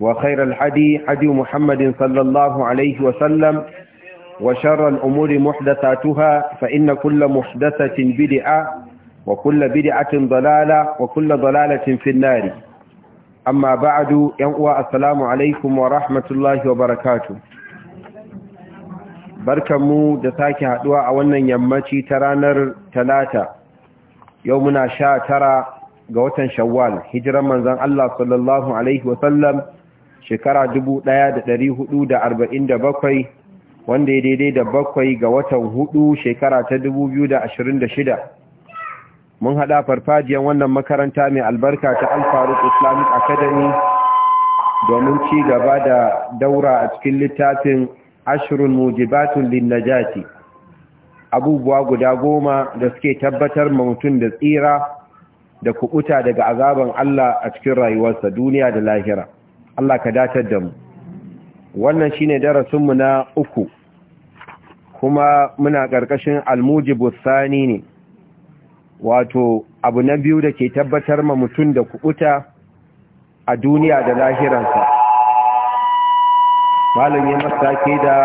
وخير الحدي حدي محمد صلى الله عليه وسلم وشر الأمور محدثاتها فإن كل محدثة بدعة وكل بدعة ضلالة وكل ضلالة في النار أما بعد ينقوى السلام عليكم ورحمة الله وبركاته barkanmu da sake haduwa a wannan yammaci ta ranar talata yau muna sha tara ga watan shawwal hijiran manzan Allah sallallahu alaihi wasallam shekara da 1447 wanda ya daidai da bakwai ga watan hudu shekara ta da da shida, mun hada farfajiyar wannan makaranta mai albarka ta alfaruk islamic academy domin ci gaba da daura a cikin littafin ashirin mujibatun linnajati abubuwa guda goma da suke tabbatar ma mutum da tsira da kubuta daga azaban Allah a cikin rayuwarsa duniya da lahira Allah ka datar da mu wannan shine darasinmu na uku kuma muna ƙarƙashin almujibu sani ne wato abu na biyu da ke tabbatar ma mutum da kuɓuta a duniya da lahiransa malami ke da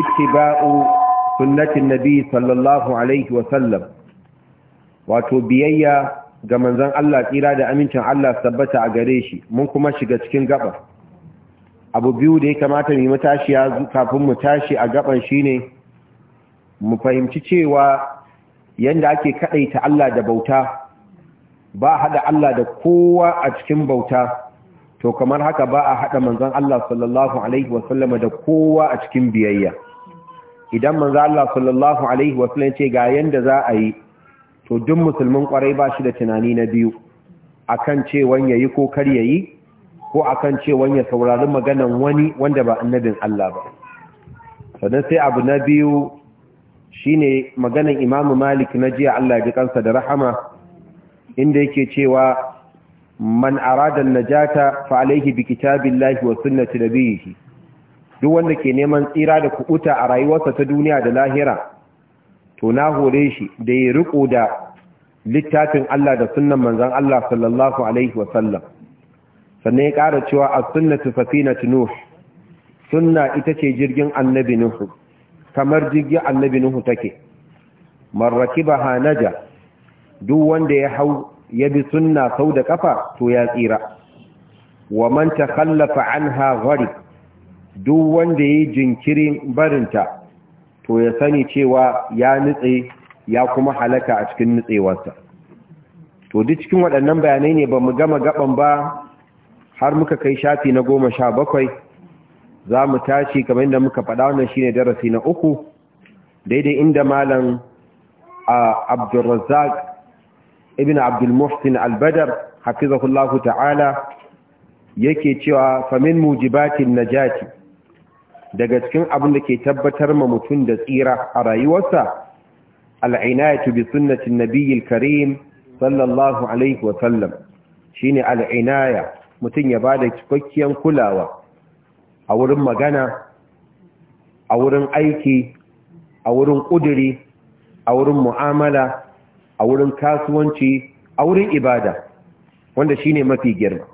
ittiba'u sunnatin nabi sallallahu alaihi wasallam wato biyayya ga manzan Allah tsira da amincin Allah Sabbata a gare shi mun kuma shiga cikin gabar abu biyu da ya kamata mu tashi ya kafin mu tashi a gaban shine mu fahimci cewa yadda ake kadaita Allah da bauta ba haɗa Allah da kowa a cikin bauta to kamar haka ba a hada manzan Allah sallallahu alaihi wasallama da kowa a cikin biyayya idan manzan Allah sallallahu alaihi wasallam ce ga yanda za a yi to duk musulmin kwarai ba shi da tunani na biyu akan cewan yayi ko kar yayi ko akan ce ya saurari maganan wani wanda ba annabin Allah ba sannan sai abu na biyu shine maganan Imam Malik na jiya Allah ya ji kansa da rahama inda yake cewa man arada najata fa alayhi bi kitabillahi wa sunnati nabiyhi duk wanda ke neman tsira da kubuta a rayuwarsa ta duniya da lahira to na hore shi da ya riko da littafin Allah da sunnan manzon Allah sallallahu alaihi wasallam sannan ya ƙara cewa a sunnatu safinatu nuh sunna ita ce jirgin annabi nuhu kamar jirgin annabi nuhu take marrakibaha hanaja duk wanda ya hau ya bi sunna sau da kafa to ya tsira wa man takhallafa anha gharib duk wanda yayi jinkirin barinta to ya sani cewa ya nutse ya kuma halaka a cikin nutsewarsa to duk cikin waɗannan bayanai ne ba mu gama gaban ba har muka kai shafi na goma sha bakwai za mu tashi kamar yadda muka faɗa wannan ne darasi na uku daidai inda malam abdulrazzak ibn abdulmuhsin albadar hafizahullahu ta'ala yake cewa famin mujibatin najati daga cikin abin da ke tabbatar ma mutum da tsira a rayuwarsa al'inayatu bi sunnatin nabiyil karim sallallahu alaihi wa sallam shine al'inaya mutum ya bada cikakkiyar kulawa a wurin magana a wurin aiki a wurin ƙuduri a wurin mu'amala a wurin kasuwanci a wurin ibada wanda shine mafi girma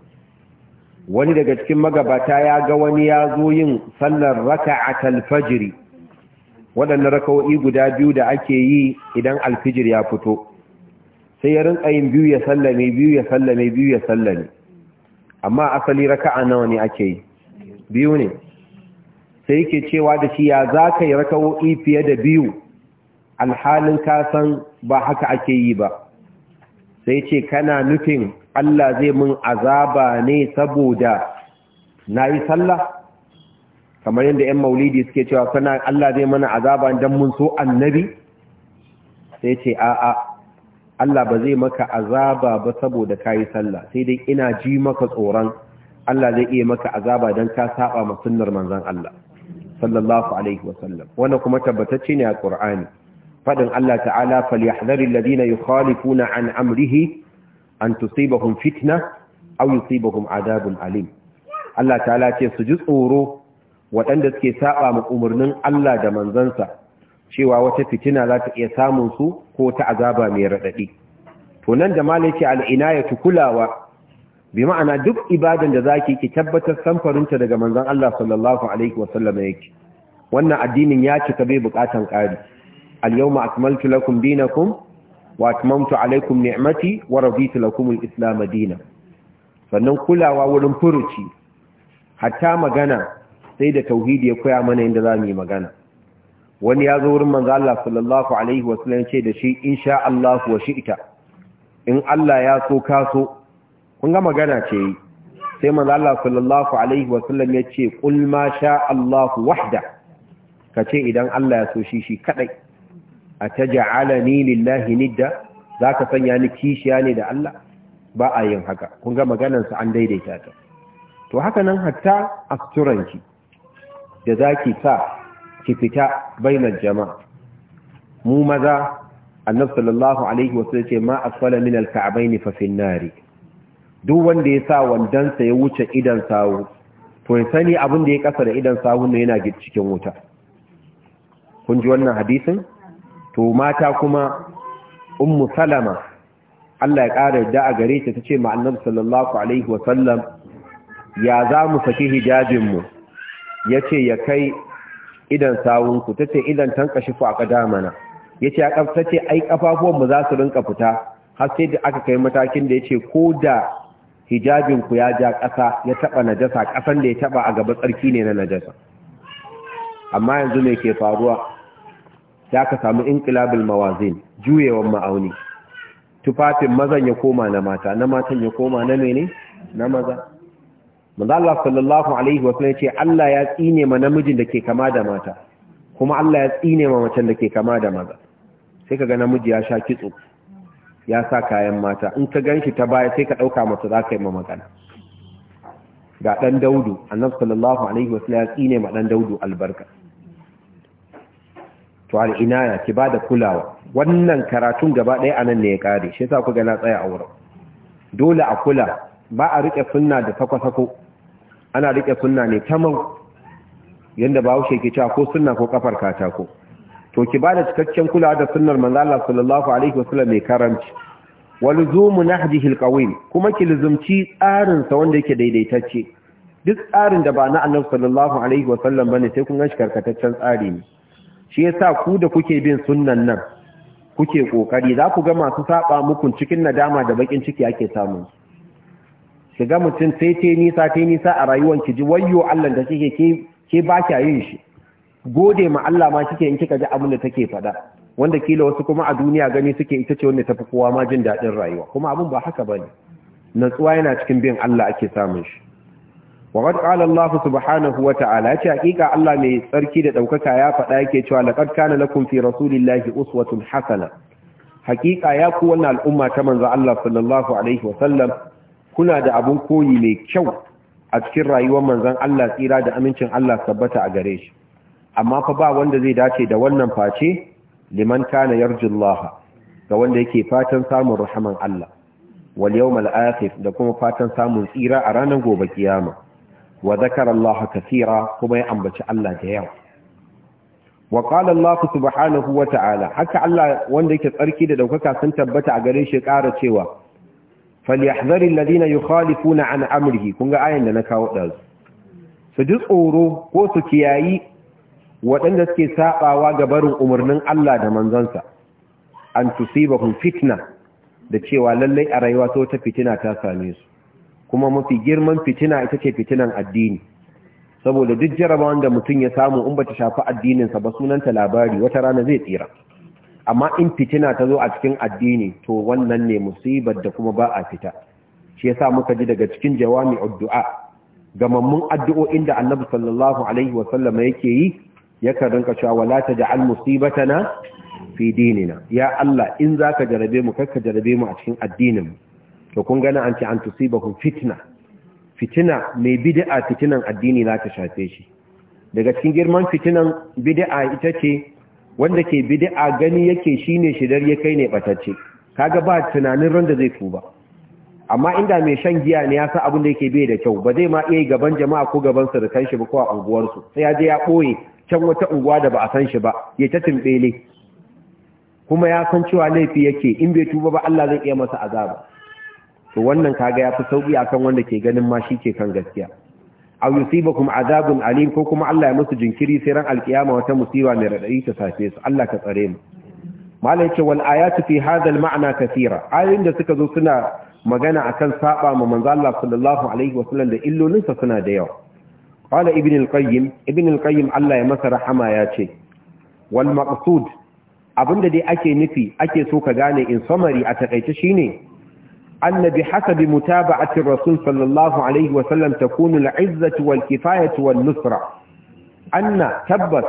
wani daga cikin magabata ya ga wani ya zo yin sallar raka'atal fajri waɗannan raka'o'i guda biyu da ake yi idan alfijir ya fito sai ya rinka yin biyu ya sallame biyu ya sallame biyu ya sallame amma asali raka'a nawa ne ake yi biyu ne sai yake cewa da shi ya za ka yi raka'o'i fiye da biyu alhalin kasan ba haka ake yi ba sai ce kana nufin Allah zai mun azaba ne saboda na yi sallah kamar yadda 'yan maulidi suke cewa suna Allah zai mana azaba don mun so annabi sai ce a'a Allah ba zai maka azaba ba saboda ka yi sallah sai dai ina ji maka tsoron Allah zai iya maka azaba don ka saba ma sunnar manzan Allah sallallahu alaihi wasallam wannan kuma tabbatacce ne a Ƙur'ani. Faɗin Allah ta'ala falyahdharil ladina yukhalifuna an amrihi an tusibahum fitna aw yusibahum adabun alim Allah ta'ala ce su ji tsoro waɗanda suke saba mu umarnin Allah da manzansa cewa wata fitina za ta iya samun su ko ta azaba mai raɗaɗi to nan da malaki al'inayatu kulawa bi ma'ana duk ibadan da zaki ki tabbatar samfarinta daga manzon Allah sallallahu alaihi yake wannan addinin ya cika bai bukatan ƙari al yawma akmaltu lakum dinakum wa atmamtu alaikum ni'mati wa raditu lakum al-islam dinan sannan kulawa wurin furuci hatta magana sai da tauhidi ya koya mana inda zamu yi magana wani ya zo wurin manzo Allah sallallahu alaihi wa sallam ce da shi insha Allah wa shi'ta in Allah ya so ka so kun ga magana ce sai manzo Allah sallallahu alaihi wa sallam ya ce qul ma sha Allah wahda kace idan Allah ya so shi shi kadai a ta ja'alani lillahi nidda za ka sanya ni kishiya ne da Allah ba a yin haka kun ga maganarsa an daidaita ta to haka nan hatta asturanki da za ki sa ki fita bainar jama'a mu maza annabi sallallahu alaihi wasallam ce ma tsala min alka'abai ni fi nari duk wanda ya sa wandansa ya wuce idan sawu to ya sani abin da ya kasa da idan sawu ne yana cikin wuta kun ji wannan hadisin to mata kuma ummu salama Allah ya ƙara yadda a gare ta tace ma annabi sallallahu alaihi wa sallam ya za mu saki hijabin mu yace ya kai idan sawun ku tace idan tankashi fa qadamana yace a Ta tace ai kafafuwan mu za su rinka fita har sai da aka kai matakin da yace ko da hijabin ku ya ja ƙasa ya taba najasa ƙasan da ya taɓa a gaba tsarki ne na najasa amma yanzu me ke faruwa da aka samu inqilabul mawazin juyewan ma'auni tufafin mazan ya koma na mata na matan ya koma na mene na maza manzo Allah sallallahu alaihi wasallam ya ce Allah ya tsine ma namijin da ke kama da mata kuma Allah ya tsine ma macen da ke kama da maza sai kaga namiji ya sha kitso ya sa kayan mata in ka ganshi ta baya sai ka dauka masa za ka yi ma magana ga dan daudu annabi sallallahu alaihi sallam ya tsine ma dan daudu albarka to al'inaya ki ba da kulawa wannan karatun gaba ɗaya anan ne ya ƙare shi yasa ku ga na tsaya a wurin dole a kula ba a riƙe sunna da sako-sako ana riƙe sunna ne ta mau yadda ba wuce ke cewa ko sunna ko kafar katako to ki ba da cikakken kulawa da sunnar manzo Allah sallallahu alaihi wasallam mai karanci walzumu nahjihi alqawim kuma ki luzumci tsarin sa wanda yake daidaitacce duk tsarin da ba na Annabi sallallahu alaihi wasallam bane sai kun ga shi karkataccen tsari ne shi yasa ku da kuke bin sunnan nan kuke kokari za ku ga masu saba muku cikin nadama da bakin ciki ake samu ki ga mutum sai te nisa te nisa a rayuwar ki ji wayyo Allah da kike ke ba kya yin shi gode ma Allah ma kike in kika ji abin da take faɗa wanda kila wasu kuma a duniya gani suke ita ce wanda tafi kowa ma jin daɗin rayuwa kuma abin ba haka bane natsuwa yana cikin bin Allah ake samun shi wa qad qala Allah subhanahu wa ta'ala ce Allah mai tsarki da ɗaukaka ya faɗa yake cewa laqad kana lakum fi rasulillahi uswatun hasana hakika ya ku wannan al'umma ta manzo Allah sallallahu kuna da abun koyi mai kyau a cikin rayuwar manzon Allah tsira da amincin Allah tabbata a gare shi amma fa ba wanda zai dace da wannan face liman kana yarjullaha ga wanda yake fatan samun rahaman Allah wal yawmal akhir da kuma fatan samun tsira a ranar gobe kiyama wa zakar Allah kathira kuma ya ambaci Allah da yawa wa qala Allah subhanahu wa ta'ala haka Allah wanda yake tsarki da ɗaukaka, sun tabbata a gare shi ƙara cewa yi khalifu na an amurki, kun ga ayan da na kawo ɗazu. su ji tsoro ko su kiyayi waɗanda suke saɓawa ga barin umarnin Allah da manzansa an tusibahum fitna da cewa lallai a rayuwa ta fitina ta same su kuma mafi girman fitina ita ce fitinan addini saboda duk jarabawan da mutum ya samu in bata shafi addininsa ba sunanta labari wata rana zai tsira amma in fitina ta zo a cikin addini to wannan ne musibar da kuma ba a fita shi yasa muka ji daga cikin jawami addu'a gamammun addu'o'in da Annabi sallallahu alaihi yake yi yakan rinka cewa wala taj'al musibatana fi dinina ya Allah in zaka jarabe mu kakka jarabe mu a cikin addinin mu to kun gana an ce an fitna fitina mai bidi'a fitinan addini za ta shafe shi daga cikin girman fitinan bidi'a ita ce wanda ke bidi'a gani yake shine shidar ya kai ne batacce kaga ba tunanin randa zai tuba amma inda mai shan giya ne ya sa abin da yake bai da kyau ba zai ma iya gaban jama'a ko gaban da surukan shi ba ko a unguwarsu sai ya je ya ɓoye can wata unguwa da ba a san shi ba ya ta tumbele kuma ya san cewa laifi yake in bai tuba ba Allah zai iya masa azaba to wannan kaga ya fi sauki akan wanda ke ganin ma shi ke kan gaskiya aw kuma azabun alim ko kuma Allah ya musu jinkiri sai ran alkiyama wata musiba mai radadi ta safe su Allah ka tsare mu malai ce wal ayatu fi hadha al ma'na kathira ayoyin da suka zo suna magana akan saba ma manzo Allah sallallahu alaihi wasallam da illolin sa suna da yawa qala ibn al qayyim ibn al qayyim Allah ya masa rahama ya ce wal maqsud abinda dai ake nufi ake so ka gane in summary a takaice shine أن بحسب متابعة الرسول صلى الله عليه وسلم تكون العزة والكفاية والنصرة أن تبت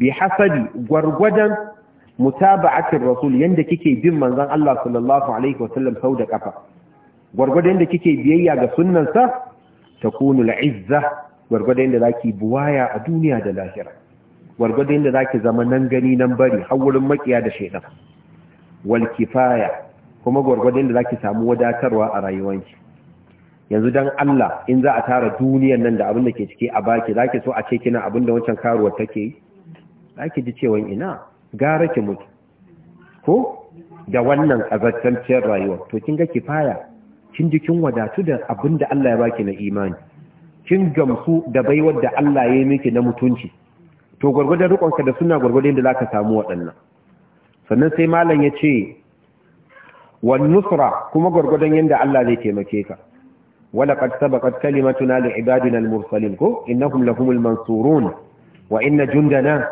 بحسب ورغدا متابعة الرسول يندك كي بين من ذن الله صلى الله عليه وسلم سودة كفا ورغدا يندك كي بيئي سنة تكون العزة ورغدا يندك بوايا الدنيا دلاهرة ورغدا يندك زمنا غني نمبري حول مكيا دشينا والكفاية kuma gwargwadon da zaki samu wadatarwa a rayuwanki yanzu dan Allah in za a tara duniyar nan da abin da ke ciki a baki zaki so a ce kina abin da wancan karuwar take zaki ji cewa ina gara ki mutu ko da wannan kazantacciyar rayuwa to kin ga kifaya kin ji kin wadatu da abin da Allah ya baki na imani kin gamsu da baiwar da Allah ya yi miki na mutunci to gwargwadon rukonka da suna gwargwadon da zaka samu waɗannan sannan sai malam ya ce wan nusra kuma gurgudan yadda Allah zai taimake ka wala qad sabaqat kalimatuna li ibadina al mursalin ko innahum lahumul mansurun wa inna jundana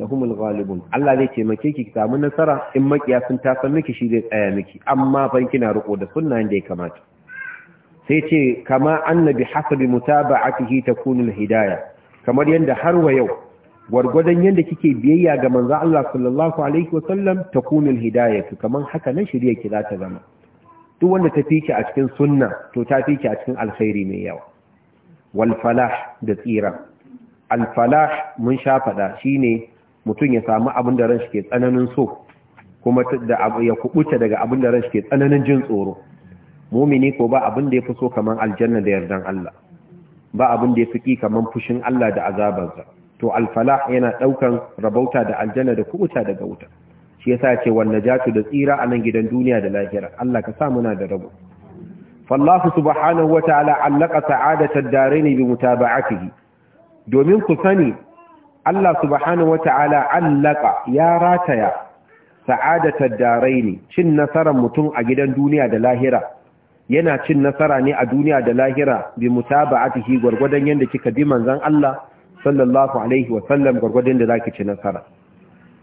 lahumul ghalibun Allah zai taimake ki ki samu nasara in makiya sun ta san miki shi zai tsaya miki amma fa kina riko da sunna yanda ya kamata sai ce kama annabi hasabi mutaba'atihi hita al Hidaya, kamar yadda har wa yau gwargwadon yadda kike biyayya ga manzo Allah sallallahu alaihi wasallam takunul hidayatu kaman haka nan shirya ki za ta zama duk wanda ta fice a cikin sunna to ta fice a cikin alkhairi mai yawa wal falah da tsira al falah mun sha fada shine mutum ya samu abin da ran ke tsananin so kuma da ya kubuta daga abin da ran ke tsananin jin tsoro mumini ko ba abin da yafi so kamar aljanna da yardan Allah ba abin da yafi ki kaman fushin Allah da azabarsa to alfala yana daukan rabauta da aljanna da kubuta daga wuta shi yasa ce wan najatu da tsira a nan gidan duniya da lahira Allah ka sa muna da rabo fallahu subhanahu wataala allaka sa'adatan daraini bi mutaba'atihi domin ku sani Allah subhanahu wataala allaka ya rataya sa'adatan daraini cin nasarar mutum a gidan duniya da lahira yana cin nasara ne a duniya da lahira bi mutaba'atihi gurgurdan yanda kika bi manzon Allah sallallahu alaihi wa sallam gwargwadon da zaki ci nasara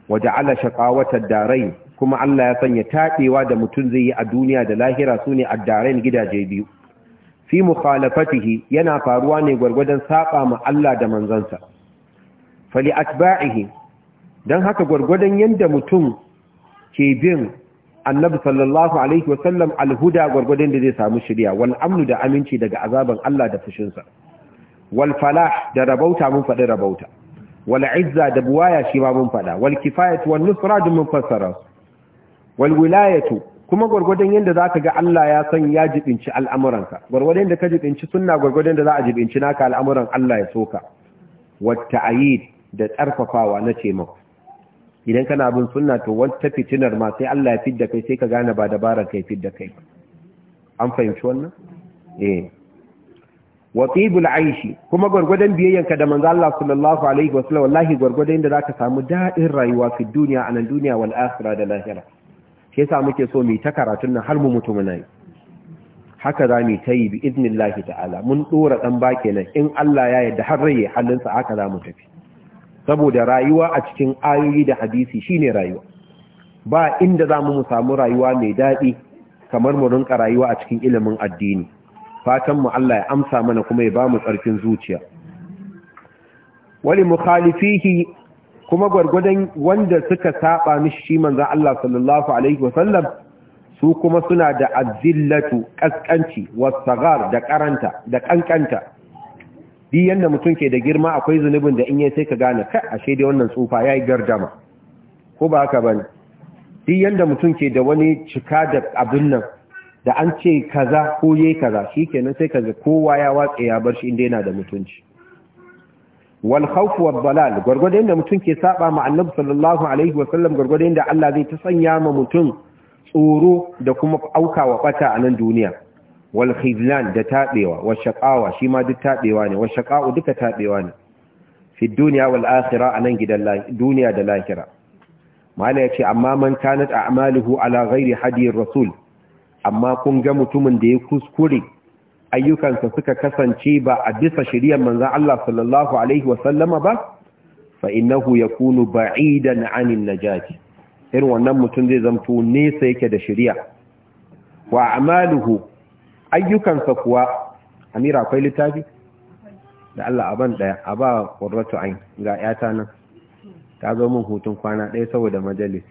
waje ala shaqawatar darai kuma Allah ya sanya taɗewa da mutum zai yi a duniya da lahira su ne addarain gidaje biyu fi mukhalafatihi yana faruwa ne gwargwadon saba ma Allah da manzansa fali atba'ihi dan haka gwargwadon yanda mutum ke bin annabi sallallahu alaihi wasallam alhuda gwargwadon da zai samu shirya wal amnu da aminci daga azaban Allah da fushinsa wal falah da rabauta mun faɗi rabauta wal izza da buwaya shi ma mun faɗa wal kifayatu wal nusra da mun fassara wal wilayatu kuma gwargwadon yadda za ka ga Allah ya san ya jibinci al'amuranka, gwargwadon yadda ka jibinci suna gwargwadon da za a jibinci naka al'amuran Allah ya soka, wata da tsarfafawa na ce mako. Idan kana bin suna to wata fitinar ma sai Allah ya fidda kai sai ka gane ba dabarar kai fidda kai. An fahimci wannan? Eh. wa tibul aishi kuma gwargwadon biyayyanka da manzo Allah sallallahu alaihi wasallam wallahi gurgurdan da zaka samu dadin rayuwa fi duniya anan duniya wal akhirah da lahira shi yasa muke so mu ta karatun nan har mu mutu muna haka za mu ta bi idnillahi ta'ala mun dora dan ba nan in Allah ya yarda har raye halin sa haka za tafi saboda rayuwa a cikin ayoyi da hadisi shine rayuwa ba inda za mu samu rayuwa mai dadi kamar mu rinka rayuwa a cikin ilimin addini fatan mu Allah ya amsa mana kuma ya bamu tsarkin zuciya wali mukhalifihi kuma gurgudan wanda suka saba mishi shi manzo Allah sallallahu alaihi wasallam su kuma suna da azillatu kaskanci wasagar da karanta da kankanta Bi yanda mutum ke da girma akwai zunubin da in yayi sai ka gane kai ashe dai wannan tsufa yayi gardama ko ba haka bane Bi yanda mutum ke da wani cika da abin nan da an ce kaza ko yayi kaza shikenan sai kaza kowa ya watsa ya bar shi inda yana da mutunci wal khawf wad dalal gurgurdan da mutum ke saba ma annabi sallallahu alaihi wasallam gurgurdan da Allah zai ta sanya ma mutum tsoro da kuma auka wa bata a nan duniya wal khizlan da tabewa wa shaqawa shi ma duk tabewa ne wa shaqa'u duka tabewa ne fi duniya wal akhirah anan gidan duniya da lahira ya ce amma man kanat a'maluhu ala ghairi hadiyar rasul amma kun ga mutumin da ya kuskure ayyukansa suka kasance ba a bisa shiriyar manzan Allah sallallahu alaihi wasallama ba fa ya kunu ba'idan na jaji. irin wannan mutum zai zamto nesa yake da shiriya wa amaluhu ayyukansa kuwa amira akwai littafi da Allah aban daya a ba qurratu ain ga yata nan ta zo min hutun kwana ɗaya saboda majalis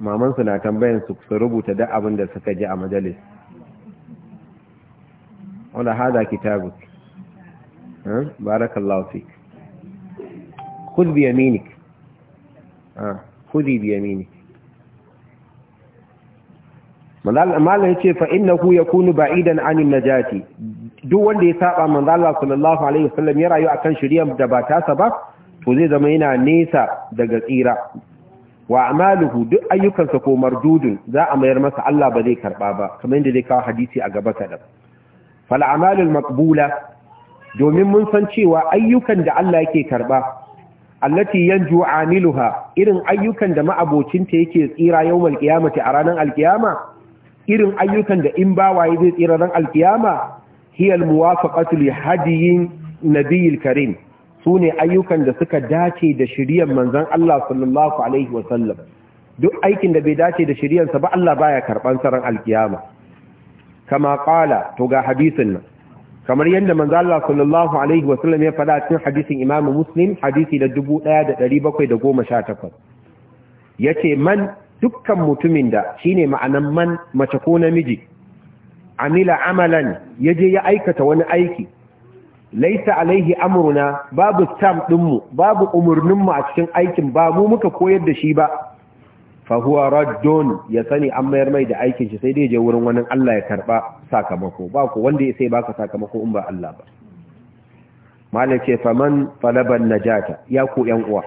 mamansu na tambayan su su rubuta da abin da suka ji a majalis wanda hada kitabuk barakallahu fik khudh bi yaminik ah khudhi bi yaminik mallan yace fa innahu yakunu ba'idan na najati duk wanda ya saba manzo sallallahu alaihi wasallam ya rayu kan shirya da ba tasa ba to zai zama yana nesa daga tsira wa amaluhu duk ayyukansa ko mardudun za a mayar masa Allah ba zai karba ba kamar yadda zai kawo hadisi a gaba kadan fal amalul maqbula domin mun san cewa ayyukan da Allah yake karba allati yanju amiluha irin ayyukan da ma'abocinta yake tsira yawmal qiyamati a ranar alkiyama irin ayyukan da in bawaye zai tsira ran alkiyama hiya almuwafaqatu li hadiyin nabiyil karim su ne ayyukan da suka dace da shiriyar manzan Allah sallallahu Alaihi wasallam duk aikin da bai dace da shiriyarsa ba Allah baya karɓan saran alkiyama kama ƙala to ga hadisin nan kamar yadda manzan Allah sallallahu Alaihi wasallam ya faɗa cikin hadisin imamu muslim hadisi da 1718 ya ce man dukkan mutumin da shine ma'anan man mace ko namiji amila amalan ya je ya aikata wani aiki laisa alaihi amruna babu stamp dinmu babu umurninmu a cikin aikin ba mu muka koyar da shi ba fa huwa raddun ya sani an mayar mai da aikin shi sai dai je wurin wani Allah ya karba sakamako ba ku wanda ya sai baka sakamako in ba Allah ba malai ce faman falaban najata ya ku yan uwa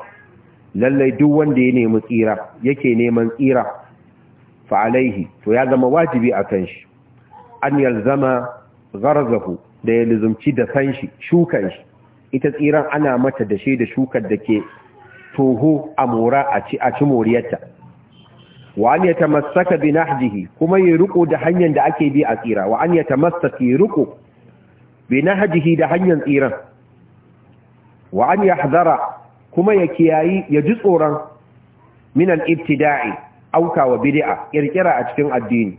lallai duk wanda ya nemi tsira yake neman tsira fa alaihi to ya zama wajibi akan shi an yalzama gharzahu da ya lizumci da fanshi shukan shi ita tsiran ana mata da shi da shukar da ke toho a mora a ci a ci moriyarta wa an yatamassaka bi nahjihi kuma ya riko da hanyar da ake bi a tsira wa an yatamassaka ya riko bi nahjihi da hanyar tsiran wa an hazara kuma ya kiyayi ya ji tsoron min al-ibtida'i auka wa bidi'a, kirkira a cikin addini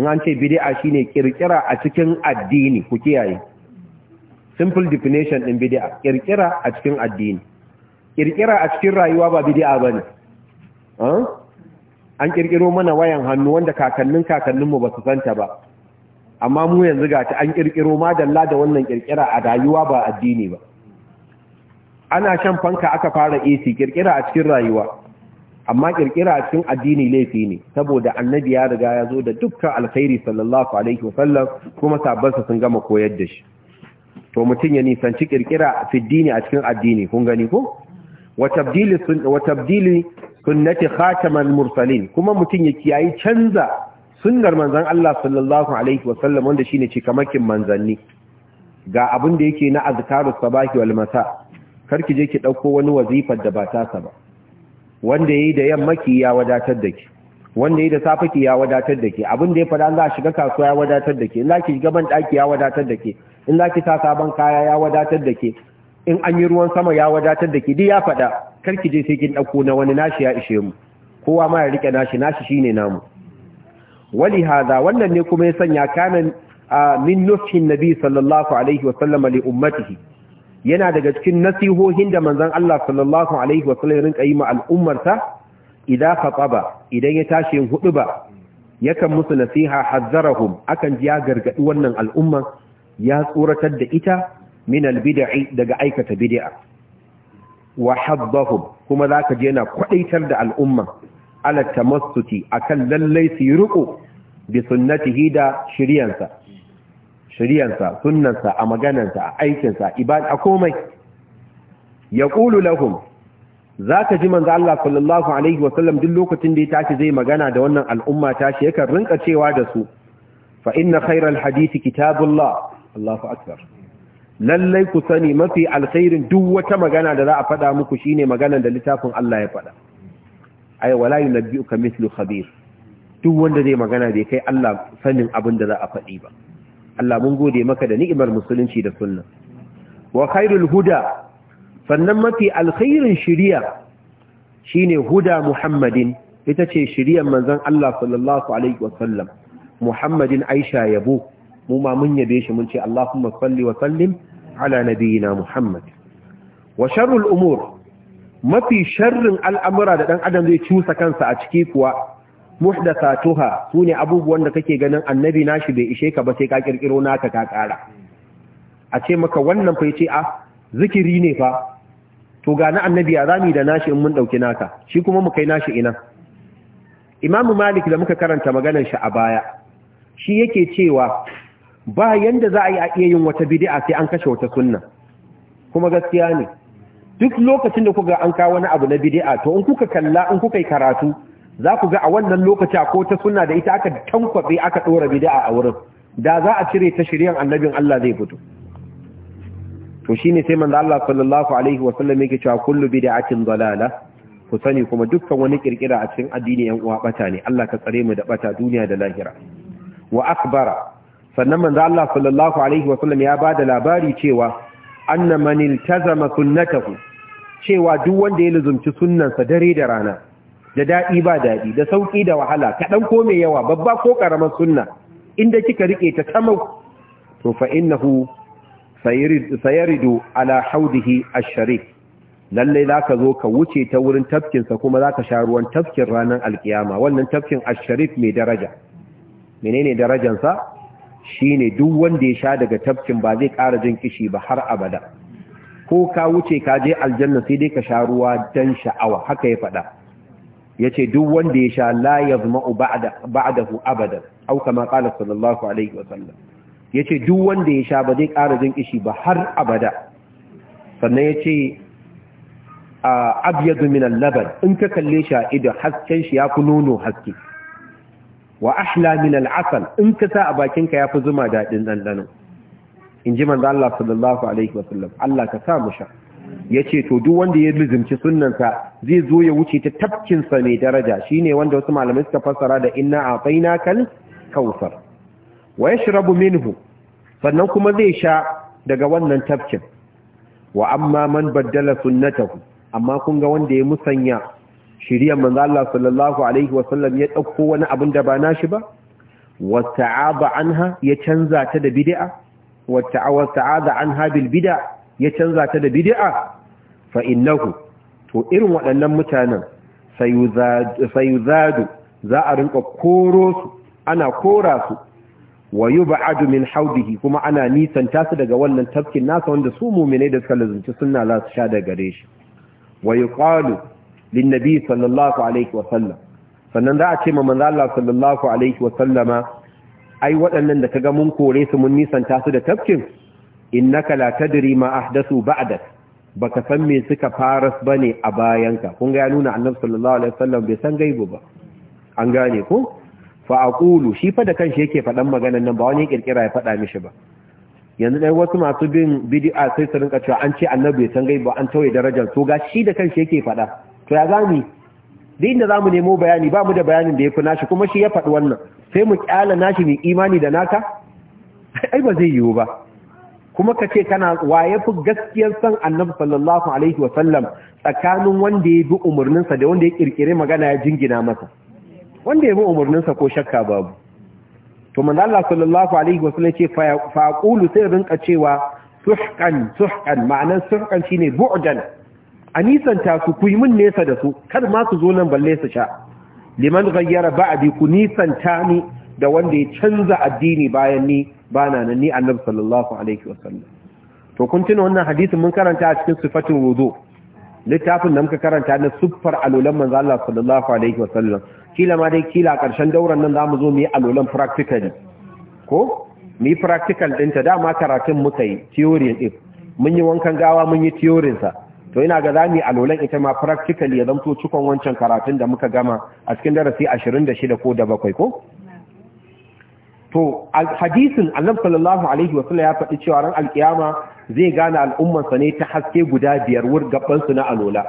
in an ce bid'a shine kirkira a cikin addini ku kiyaye simple definition din bidi'a kirkira a cikin addini kirkira a cikin rayuwa ba bidi'a bane eh an kirkiro mana wayan hannu wanda kakannin kakanninmu ba su santa ba amma mu yanzu ga ta an kirkiro madalla da wannan kirkira a rayuwa ba addini ba ana shan fanka aka fara AC kirkira a cikin rayuwa amma kirkira a cikin addini laifi ne saboda annabi ya riga ya zo da dukkan alkhairi sallallahu alaihi wasallam kuma sabbansa sun gama koyar da shi to mutum ya nisanci kirkira fi dini a cikin addini kun gani ko wa tabdili wa tabdili sunnati khatamal mursalin kuma mutum ya kiyayi canza sunnar manzon Allah sallallahu alaihi wasallam wanda shine cikamakin manzanni ga abin da yake na azkarus sabahi wal masa karki je ki dauko wani wazifar da ba ta ba wanda yi da yamma ki ya wadatar da ki wanda yi da safe ki ya wadatar da ki abin da ya fada za shiga kasuwa ya wadatar da ki in za shiga ban daki ya wadatar da ki in za sa sabon kaya ya wadatar da ki in an yi ruwan sama ya wadatar da ki duk ya faɗa, kar ki je sai kin ɗauko na wani nashi ya ishe mu kowa ma ya rike nashi nashi shine namu wali hada wannan ne kuma ya sanya kanan min nufin nabi sallallahu alaihi wa sallam li ummatihi yana daga cikin nasihohin da manzon Allah sallallahu alaihi wasallam ya rinka yi ma al'ummarsa idza khataba idan ya tashi yin huduba yakan musu nasiha hazzarahum akan ji ya gargaɗi wannan al'umma ya tsoratar da ita min albida'i daga aikata bida'a. wa haddahum kuma zaka je yana kwadaitar da al'umma ala tamassuki akan lallai su yi riƙo bi sunnatihi da shiryansa. shiryansa sunnansa a maganansa a aikinsa a komai ya ƙulu lahum za ka ji manza Allah sallallahu alaihi wasallam duk lokacin da ya tashi zai magana da wannan al'umma tashi yakan rinka cewa da su fa inna khairal Hadithi kitabullah Allahu akbar lallai ku sani mafi alkhairin duk wata magana da za a faɗa muku shine maganar da littafin Allah ya faɗa ai wala ka mithlu khabir duk wanda zai magana bai kai Allah sanin abin da za a faɗi ba Allah mun gode maka da ni'imar musulunci da sunna wa khairul huda sannan mafi alkhairin shiriya shine huda muhammadin ita ce shiriyar manzon Allah sallallahu alaihi wasallam muhammadin aisha yabo mu ma mun yabe shi mun ce Allahumma salli wa sallim ala nabiyyina muhammad wa sharrul umur mafi sharrin al'amura da dan adam zai cusa kansa a ciki kuwa muhdathatuha sune abubuwan da kake ganin annabi nashi bai ishe ka ba sai ka kirkiro naka ka kara a ce maka wannan fa yace a ah, zikiri ne fa to ga na annabi ya zami da nashi in mun dauki naka shi kuma mu kai nashi ina Imam Malik da muka karanta maganar shi a baya shi yake cewa ba yanda za a yi a iya yin wata bid'a sai an kashe wata sunna kuma gaskiya ne duk lokacin da kuka an kawo wani abu na bid'a to in kuka kalla in kuka yi karatu za ku ga a wannan lokaci ko ta sunna da ita aka tankwaɓe aka ɗora bid'a a wurin da za a cire ta shiryan annabin Allah zai fito to shine sai manzo Allah sallallahu alaihi wa sallam yake cewa kullu bid'atin dalala ku sani kuma dukkan wani kirkira a cikin addini yan uwa bata ne Allah ka tsare mu da bata duniya da lahira wa akbara sannan manzo Allah sallallahu alaihi wa sallam ya bada labari cewa anna man iltazama sunnatahu cewa duk wanda ya luzumci sunnansa dare da rana da daɗi ba daɗi da sauƙi da wahala kaɗan ko mai yawa babba ko ƙaramar sunna inda kika riƙe ta kamau to fa innahu sayaridu ala haudihi ash-sharif lalle zaka zo ka wuce ta wurin tafkinsa kuma kuma zaka sha ruwan tafkin ranar alkiyama wannan tafkin ash mai daraja menene darajansa? sa shine duk wanda ya sha daga tafkin ba zai ƙara jin kishi ba har abada ko ka wuce ka je aljanna sai dai ka sha ruwa dan sha'awa haka ya faɗa yace duk wanda ya sha la yazma'u ba'da abadan aw kama sallallahu alaihi wa sallam yace duk wanda ya sha ba zai ƙara jin kishi ba har abada sannan yace a min al labar in ka kalle shi ido hasken shi yafi nono haske wa ahla min asal in ka sa a bakinka ya yafi zuma dadin dandano inji manzo Allah sallallahu alaihi wa sallam Allah ka sa mu sha ya ce to duk wanda ya lizimci sunansa zai zo ya wuce ta tafkinsa mai daraja shine wanda wasu malamai suka fassara da inna a faina kal kausar wa ya minhu sannan kuma zai sha daga wannan tafkin wa amma man baddala sunnatahu amma kun ga wanda ya musanya shirya manzo Allah sallallahu alaihi wa sallam ya dauko wani abin da ba nashi ba wa ta'aba anha ya canza ta da bid'a wa da anha bil bid'a ya canza ta da bidi'a? fa innahu to irin waɗannan mutanen sayuzadu za a rinka koro su ana kora su wa yub'adu min haudihi kuma ana nisanta su daga wannan tafkin nasa wanda su mu'minai da suka lazunci sunna za su sha daga gare shi wa yuqalu lin nabi sallallahu alaihi wa sallam sannan za a ce ma manzo Allah sallallahu alaihi wa sallama ai waɗannan da kaga mun kore su mun nisanta su da tafkin innaka la tadri ma ahdathu ba'dak baka san me suka faras bane a bayanka kun ga ya nuna annabi sallallahu alaihi wasallam bai san gaibu ba an gane ko fa aqulu shi fa da kanshi yake fadan maganan nan ba wani kirkira ya fada mishi ba yanzu dai wasu masu bin bid'a sai su rinka cewa an ce annabi bai san gaibu an tauye darajar to ga shi da kanshi yake fada to ya gani duk inda zamu nemo bayani ba mu da bayanin da yafi nashi kuma shi ya faɗi wannan sai mu kyala nashi mai imani da naka ai ba zai yiwu ba kuma ka ce kana waye fi gaskiyar san annabi sallallahu alaihi wasallam tsakanin wanda ya bi umarninsa da wanda ya kirkire magana ya jingina masa wanda ya bi umarninsa ko shakka babu to manzo Allah sallallahu alaihi wasallam ce fa qulu sai rinka cewa suhqan suhqan ma'anar suhqan shine bu'dan ta su kuyi yi min nesa da su kar ma su zo nan balle su sha liman ghayyara ba'di ku nisanta ni da wanda ya canza addini bayan ni ba na nan ni annabi sallallahu alaihi wasallam to kun tuna wannan hadisin mun karanta a cikin sifatin wudu littafin da muka karanta na siffar alulan manzo Allah sallallahu alaihi wasallam kila ma dai kila karshen dauran nan zamu zo mu yi alulan practically ko mu yi practical din ta dama karatun muka yi theory din mun yi wankan gawa mun yi theory sa to ina ga zamu yi alulan ita ma practically ya zanto cikon wancan karatun da muka gama a cikin darasi 26 ko da bakwai ko to hadisin annab sallallahu alaihi wa sallam ya faɗi cewa ran alkiyama zai gane al'ummarsa ne ta haske guda biyar wurgaban su na alola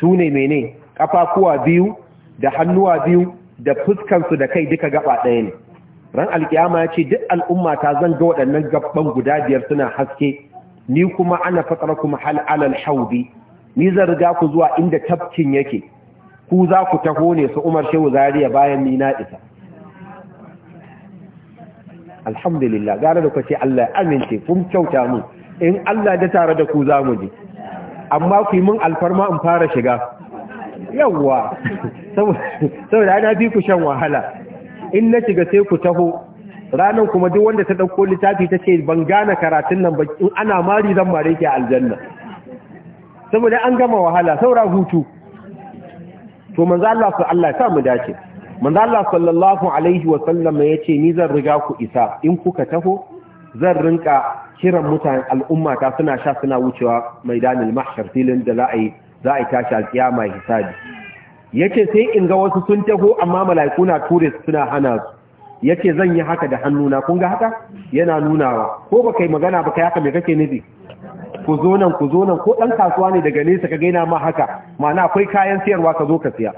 su ne mene kafafuwa biyu da hannuwa biyu da fuskansu da kai duka gaba ɗaya ne ran alƙiyama ya ce duk al'umma ta ga waɗannan gaban guda biyar suna haske ni kuma ana fatar kuma hal alal haudi ni zan riga ku zuwa inda tafkin yake ku za ku taho ne su Umar Shehu Zariya bayan ni na isa alhamdulillah gara da kwace Allah ya amince kun kyauta mu in Allah da tare da ku zamu mu je amma ku yi mun alfarma in fara shiga yawa saboda ana fi ku shan wahala in na shiga sai ku taho ranar kuma duk wanda ta ɗauko littafi ta ce ban gane karatun nan ba in ana mari zan mare ke aljanna saboda an gama wahala saura hutu to manzo Allah ku Allah ya sa mu dace manzo Allah sallallahu alaihi wa sallam yace ni zan riga ku isa in kuka taho zan rinka kiran mutane al'umma ta suna sha suna wucewa maidanil mahshar filin da za a yi za a tashi alkiyama hisabi yace sai in ga wasu sun taho amma mala'iku na ture suna hana su yace zan yi haka da hannuna kun ga haka yana nunawa ko baka yi magana baka haka me kake nufi ku zo nan ku zo nan ko dan kasuwa ne daga nesa ka gaina ma haka ma'ana akwai kayan siyarwa ka zo ka siya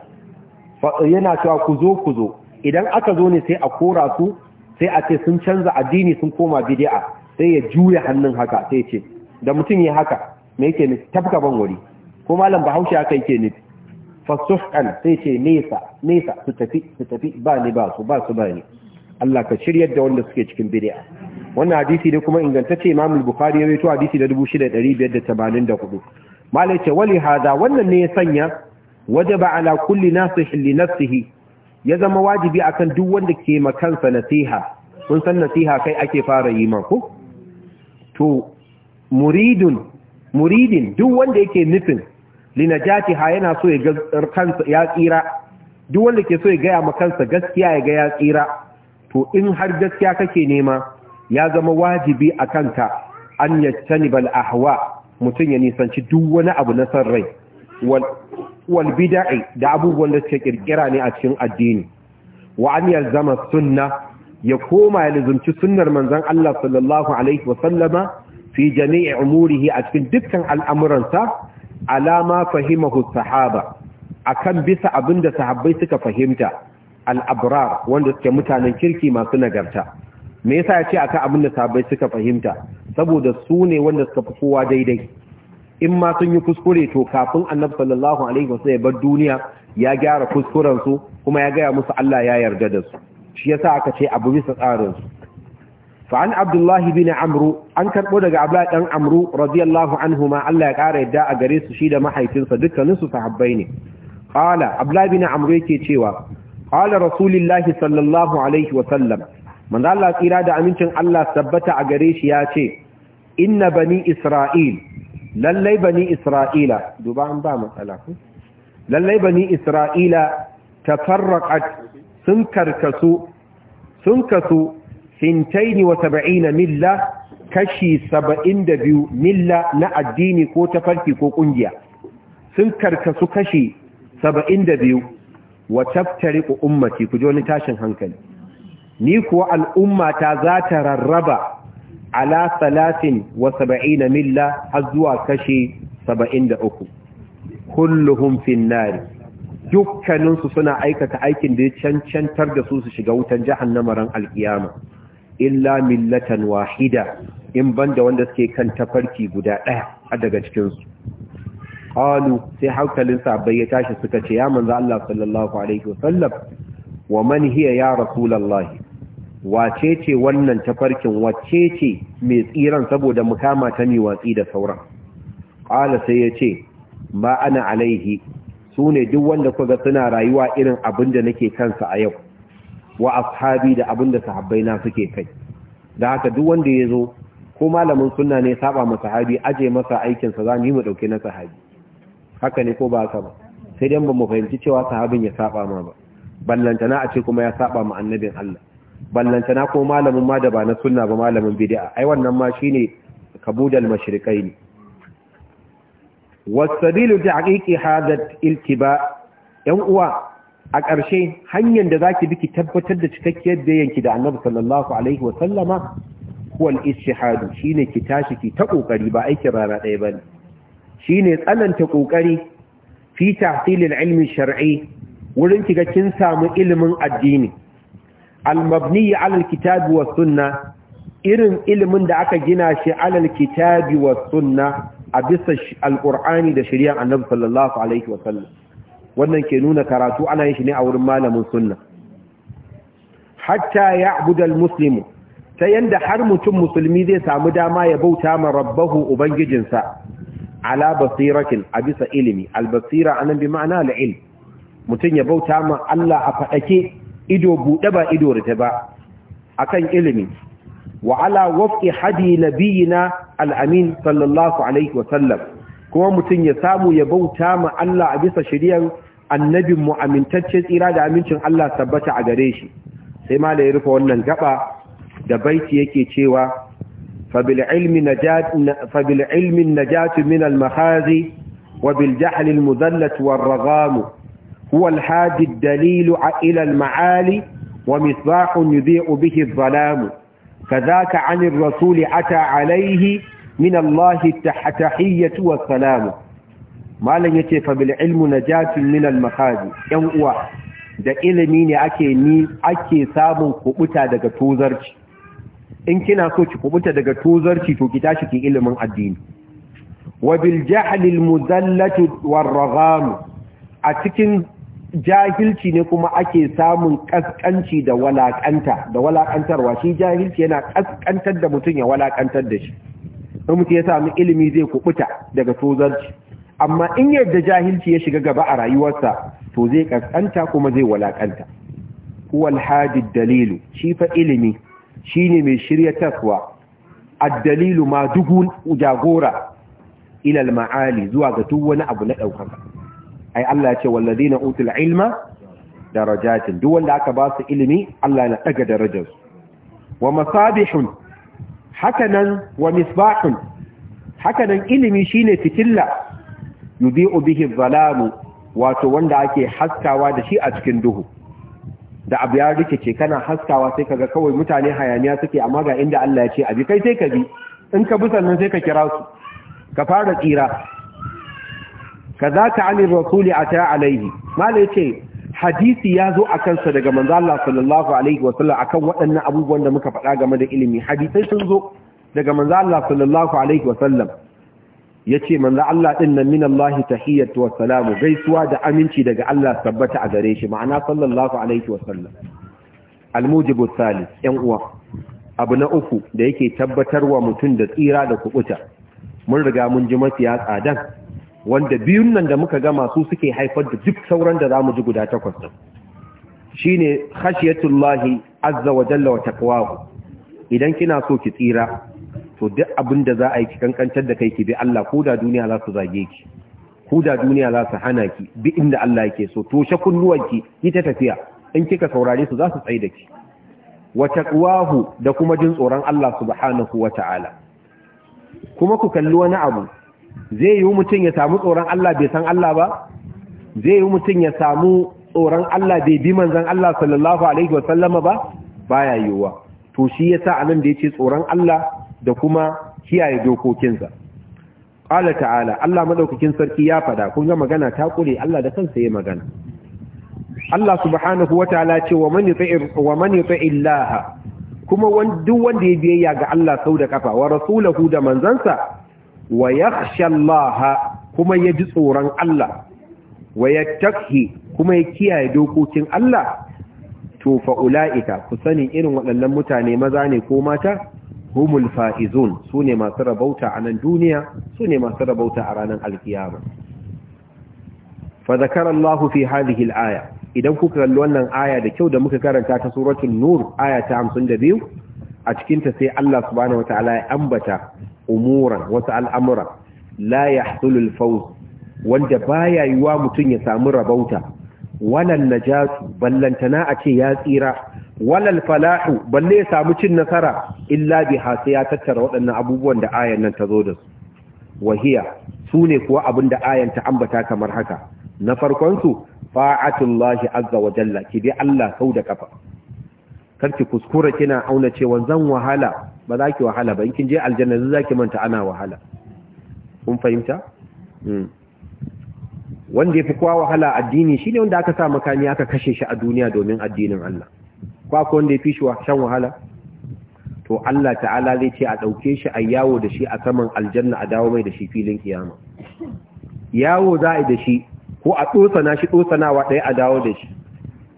yana cewa ku zo ku zo idan aka zo ne sai a kora su sai a ce sun canza addini sun koma bid'a sai ya juya hannun haka sai ce da mutum ya haka me yake ne tafka ban wuri ko malam bahaushe haka yake ne fasuhqan sai ce nesa nesa su tafi su tafi ba ni ba su ba su ba ni Allah ka shiryar da wanda suke cikin bid'a wannan hadisi ne kuma ingantacce Imam al-Bukhari ya rawaito hadisi da 6584 malai ce wali hada wannan ne ya sanya wajaba ala kulli nasihin li nafsihi ya zama wajibi akan duk wanda ke makansa nasiha kun san nasiha kai ake fara yi man ko to muridun muridin duk wanda yake nufin ha yana so ya kansa ya tsira duk wanda ke so ya gaya ma kansa gaskiya ya ga ya tsira to in har gaskiya kake nema ya zama wajibi a kanka an yattani bal ahwa mutum ya nisanci duk wani abu na san rai wal bid'i da abubuwan da suke kirkira ne a cikin addini wa an yalzama sunna ya koma ya lizumci sunnar manzon Allah sallallahu alaihi wa sallama fi jami'i umurihi a cikin dukkan al'amuransa alama fahimahu sahaba akan bisa abinda sahabbai suka fahimta al'abrar, wanda suke mutanen kirki masu nagarta me yasa ya ce akan abinda sahabbai suka fahimta saboda su ne wanda suka fi kowa daidai in ma sun yi kuskure to kafin annabi sallallahu alaihi wasallam ya bar duniya ya gyara kuskuren su kuma ya gaya musu Allah ya yarda da su shi yasa aka ce abu bisa tsarin su fa an abdullahi bin amru an karbo daga abla dan amru radiyallahu anhuma Allah ya kara yadda a gare su shi da mahaifinsa dukkanin su sahabbai ne qala abla bin amru yake cewa qala rasulullahi sallallahu alaihi wasallam manzo Allah tsira da amincin Allah tabbata a gare shi ya ce inna bani isra'il lallai bani isra'ila duba an ba matsala ku lallai bani isra'ila tafarraqat sun karkasu sun kasu fintaini wa saba'ina milla kashi saba'in da biyu milla na addini ko tafarki ko ƙungiya? sun karkasu kashi saba'in da biyu wa taftari ku ummati ku ji wani tashin hankali ni kuwa al'umma ta za ta rarraba ala salatin wa saba'ina milla har zuwa kashe saba'in da uku kulluhum finnari dukkaninsu suna aikata aikin da ya cancantar da su su shiga wutan jahannama ran alkiyama illa millatan wahida in banda wanda suke kan tafarki guda ɗaya a daga cikinsu qalu sai hankalin sahabbai ya tashi suka ce ya manzo Allah sallallahu alaihi wasallam wa man hiya ya rasulallahi wace ce wannan tafarkin wace ce mai tsiran saboda mukama ta mai watsi da sauran ƙala sai ya ce ma ana alaihi su ne duk wanda kuka suna rayuwa irin abin da nake kansa a yau wa ashabi da abin da sahabbai na suke kai da haka duk wanda ya zo ko malamin sunna ne saba masa sahabi aje masa aikinsa za mu yi mu ɗauke na sahabi haka ne ko ba haka ba sai dan ba mu fahimci cewa sahabin ya saba ma ba ballantana a ce kuma ya saba ma annabin Allah ballantana ko malamin ma da ba na sunna ba malamin bid'a ai wannan ma shine kabudal mashriqain wasabilu taqiqi hada iltiba yan uwa a ƙarshe hanyar da zaki biki tabbatar da cikakkiyar yanki da Annabi sallallahu alaihi wa sallama huwal istihadu shine ki tashi ki ta kokari ba aiki rana ɗaya bane shine tsananta kokari fi tahsilil ilmi shar'i wurin kiga kin samu ilimin addini al-mabni ala kitabi was sunna irin ilimin da aka gina shi ala al-kitabi was sunna a bisa al-qur'ani da shari'ar annabi sallallahu alaihi wa sallam wannan ke nuna karatu ana yin shi ne a wurin malamin sunna hatta ya'budu al-muslimu ta yanda har mutum musulmi zai samu dama ya bauta ma rabbahu ubangijinsa ala basiratin a bisa ilimi albasira anan bi ma'ana al'il mutum ya bauta ma Allah a faɗake ido buɗe ba ido rita ba akan ilimi wa ala hadi nabiyina al al'amin sallallahu alaihi wa sallam kuma mutum ya samu ya bauta ma Allah a bisa shiryan annabin mu amintaccen tsira da amincin Allah tabbata a gare shi sai ma da ya rufe wannan gaba da baiti yake cewa fabil ilmin najatu min al-mahazi wa bil jahl al war-raghamu هو الحاد الدليل إلى المعالي ومصباح يضيء به الظلام فذاك عن الرسول أتى عليه من الله التحية والسلام ما لن يتف بالعلم نجاة من المخاذ ينقوى da ilimi ne ake ni ake samun kubuta daga tozarci in kina so ki kubuta daga tozarci to ki tashi ki ilimin addini wa bil jahl al muzallatu war a cikin jahilci ne kuma ake samun kaskanci da walakanta da walakantarwa shi jahilci yana kaskantar da mutum ya walakantar da shi in mutum ya samu ilimi zai kubuta daga tozarci amma in yadda jahilci ya shiga gaba a rayuwarsa to zai kaskanta kuma zai walakanta huwal hadid dalilu shi fa ilimi shine mai shirya taswa ad-dalilu ma dugu jagora ilal ma'ali zuwa ga duk wani abu na ɗaukaka ai Allah ya ce walladina utul ilma darajatin duk wanda aka ba su ilimi Allah na daga darajarsu wa masabihun hakanan wa misbahun hakanan ilimi shine fitilla yudi'u bihi zalamu wato wanda ake haskawa da shi a cikin duhu da abu ya rikice kana haskawa sai kaga kawai mutane hayaniya suke amma ga inda Allah ya ce abi kai sai ka bi in ka bi sannan sai ka kira su ka fara tsira kazaka anir rasuli ata alaihi malai ce hadisi ya zo a kansa daga manzo Allah sallallahu alaihi wasallam akan waɗannan abubuwan da muka faɗa game da ilimi hadisai sun zo daga manzo Allah sallallahu alaihi wasallam yace manzo Allah din nan min Allah tahiyatu wassalamu gaisuwa da aminci daga Allah tabbata a gare shi ma'ana sallallahu alaihi wasallam mujibu salis yan uwa abu na uku da yake tabbatarwa mutum da tsira da kubuta mun riga mun ji mafiya tsadan wanda biyun nan da muka gama su suke haifar da duk sauran da za mu ji guda takwas din shine khashiyatullahi azza wa jalla wa taqwahu idan kina so ki tsira to duk abin da za a yi ki kankantar da kai ki bi Allah ko da duniya za su zage ki ko da duniya za su hana ki bi inda Allah yake so to shakunnuwanki ki ta tafiya in kika saurare su za su tsaye da ki wa taqwahu da kuma jin tsoron Allah subhanahu wa ta'ala kuma ku kalli wani abu zai yi mutum ya samu tsoron Allah bai san Allah ba zai yi mutum ya samu tsoron Allah bai bi manzan Allah sallallahu alaihi wa sallama ba baya yiwuwa to shi yasa anan da yace tsoron Allah da kuma kiyaye dokokinsa qala ta'ala Allah madaukakin sarki ya fada kun ga magana ta kure Allah da kansa yayi magana Allah subhanahu wataala ce wa man yuti'ir wa man kuma duk wanda ya biyayya ga Allah sau da kafa wa rasulahu da manzansa wa yakhsha Allah kuma ya ji tsoron Allah wa yattaqi kuma ya kiyaye dokokin Allah to fa ulaika ku sani irin waɗannan mutane maza ne ko mata humul faizun sune masu rabauta a nan duniya sune masu rabauta a ranar alkiyama fa zakara Allah fi hadhihi al-aya idan kuka kalli wannan aya da kyau da muka karanta ta suratul nur aya ta 52 a cikinta sai Allah subhanahu wataala ya ambata umuran wasu al'amura la yahsulul fawz wanda baya yiwa mutum ya samu rabauta walan najatu ballantana a ce ya tsira walal falahu balle ya samu cin nasara illa biha sai ya tattara waɗannan abubuwan da ayan nan ta zo da su wahiya ne kuwa abin da ayan ta ambata kamar haka na farkon su fa'atullahi azza wa jalla ki bi Allah sau da kafa karki kuskura kina auna cewa zan wahala ba za ki wahala ba in kin je aljanna zai zaki manta ana wahala kun fahimta hmm. wanda ya fi kowa wahala addini shine wanda aka sa makami aka kashe shi a duniya domin addinin Allah kwa ko wanda ya fi shi shan wahala to Allah ta'ala zai ce a ɗauke shi a yawo da shi a saman aljanna a dawo mai da shi filin kiyama yawo za a yi da shi ko a tsotsana shi tsotsanawa ɗaya a dawo da shi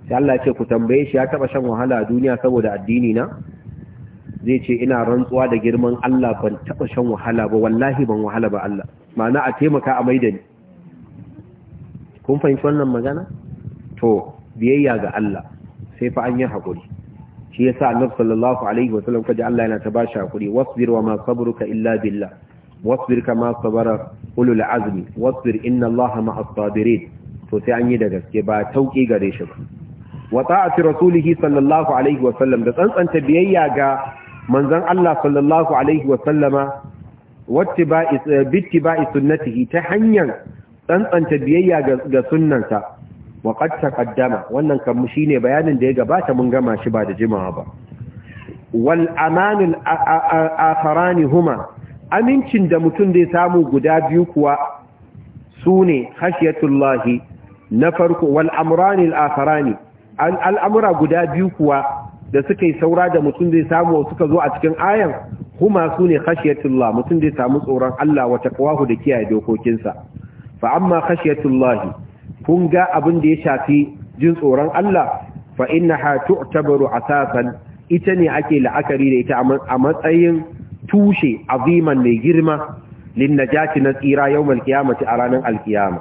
sai Allah ce ku tambaye shi ya taba shan wahala a duniya saboda addini na zai ce ina rantsuwa da girman Allah ban taba shan wahala ba wallahi ban wahala ba Allah ma'ana a taimaka a maida kun fahimci wannan magana to biyayya ga Allah sai fa an yi hakuri shi yasa Annabi sallallahu alaihi wasallam kaje Allah yana ta bashi hakuri wasbir wa ma sabruka illa billah wasbir kama sabara ulul azmi wasbir inna Allah ma'as sabirin to sai an yi da gaske ba tauki gare shi ba wa fi rasulihi sallallahu alaihi wa sallam da tsantsanta biyayya ga manzon Allah sallallahu alaihi wa sallama eh, bitti bittiba'i sunnatihi ta hanyar tsantsanta biyayya ga sunnansa wa qad taqaddama wannan kan ne bayanin da ya gabata mun gama shi ba da jimawa ba wal amanul akharani huma amincin da mutum zai samu guda biyu kuwa sune khashiyatullahi na farko wal amranil akharani al'amura guda biyu kuwa da suka yi saura da mutum zai samu suka zo a cikin ayan kuma su ne khashiyatullah mutum zai samu tsoron Allah wata kawahu da kiyaye dokokinsa fa amma khashiyatullah kun ga abin da ya shafi jin tsoron Allah fa innaha tu'tabaru asasan ita ne ake la'akari da ita a matsayin tushe aziman mai girma lin najati na tsira yawmal qiyamati a ranar alkiyama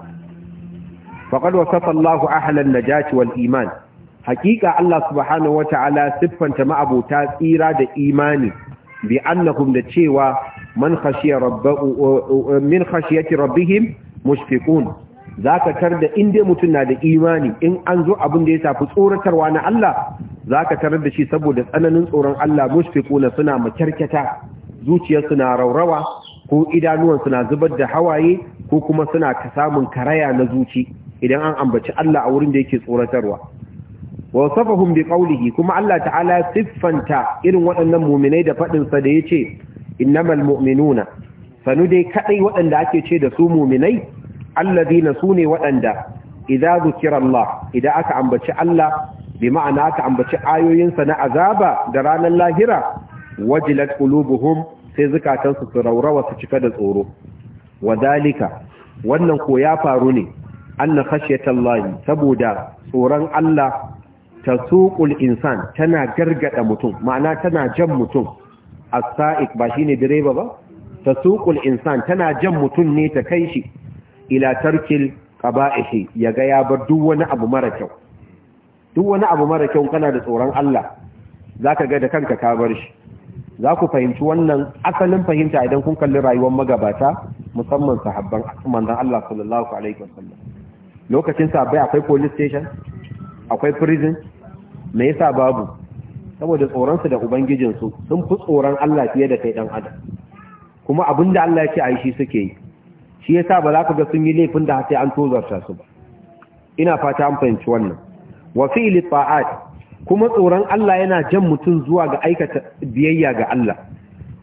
faqad wasafa Allahu ahlan najati wal iman hakika Allah subhanahu wata'ala siffanta ma'abota tsira da imani bi annahum da cewa man khashiya rabbahu min khashiyati rabbihim mushfiqun zaka tarda inda mutum na da imani in an zo abin da ya tafi tsoratarwa na Allah zaka tar da shi saboda tsananin tsoron Allah mushfiquna suna makarkata zuciyarsu na raurawa ko idanuwansu na zubar da hawaye ko kuma suna samun karaya na zuci idan an ambaci Allah a wurin da yake tsoratarwa wa wasafahum bi qawlihi kuma Allah ta'ala ya siffanta irin waɗannan mu'minai da fadin sa da ce, Inna mu'minuna sanu dai kaɗai waɗanda ake ce da su mu'minai alladhina ne waɗanda idza zukira idan aka ambaci Allah bi ma'ana aka ambaci ayoyinsa na azaba da ranar lahira wajilat qulubuhum sai zukatansu su raurawa su cika da tsoro Wazalika. wannan ko ya faru ne anna khashyatallahi saboda tsoron Allah suƙul insan tana gargada mutum ma'ana tana jan mutum as sa’ik ba shi ne direba ba suƙul insan tana jan mutum ne ta kai shi ila tarkil ya ga ya bar duk wani abu mara kyau duk wani abu mara kyau kana da tsoron Allah ka ga da kanka ka bar shi za ku fahimci wannan asalin fahimta idan kun kalli rayuwar magabata musamman sahabban manzon Allah sallallahu alaihi wasallam lokacin sabai akwai police station akwai prison me yasa babu saboda su da ubangijinsu sun fi tsoron Allah fiye da kai dan adam kuma da Allah yake aishi shi suke yi shi yasa ba za ka ga sun yi laifin da sai an tozarta su ba ina fata an fahimci wannan wa fi'li ta'at kuma tsoron Allah yana jan mutum zuwa ga aikata biyayya ga Allah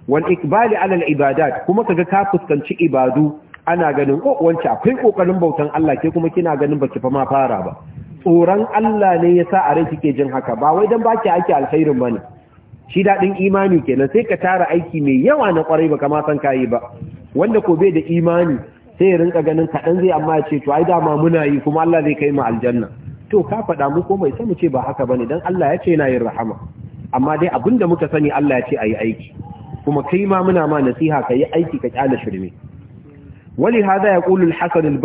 wal ikbali ala al ibadat kuma kaga ka fuskanci ibadu ana ganin ko oh, wance akwai kokarin bautan Allah ke kuma kina ganin baki fa ma fara ba tsoron Allah ne ya sa a rai suke jin haka ba wai dan baki ake alkhairin ne. shi daɗin imani kenan sai ka tara aiki mai yawa na kwarai ba kama san kai ba wanda ko bai da imani sai ya rinka ganin kaɗan zai amma ya ce to ai dama muna yi kuma Allah zai kai mu aljanna to ka faɗa mu ko mai mu ce ba haka ba ne dan Allah ya ce yana yin rahama amma dai abin da muka sani Allah ya ce a yi aiki kuma kai ma muna ma nasiha ka yi aiki ka kyale shirme wali hada ya qulu al-hasan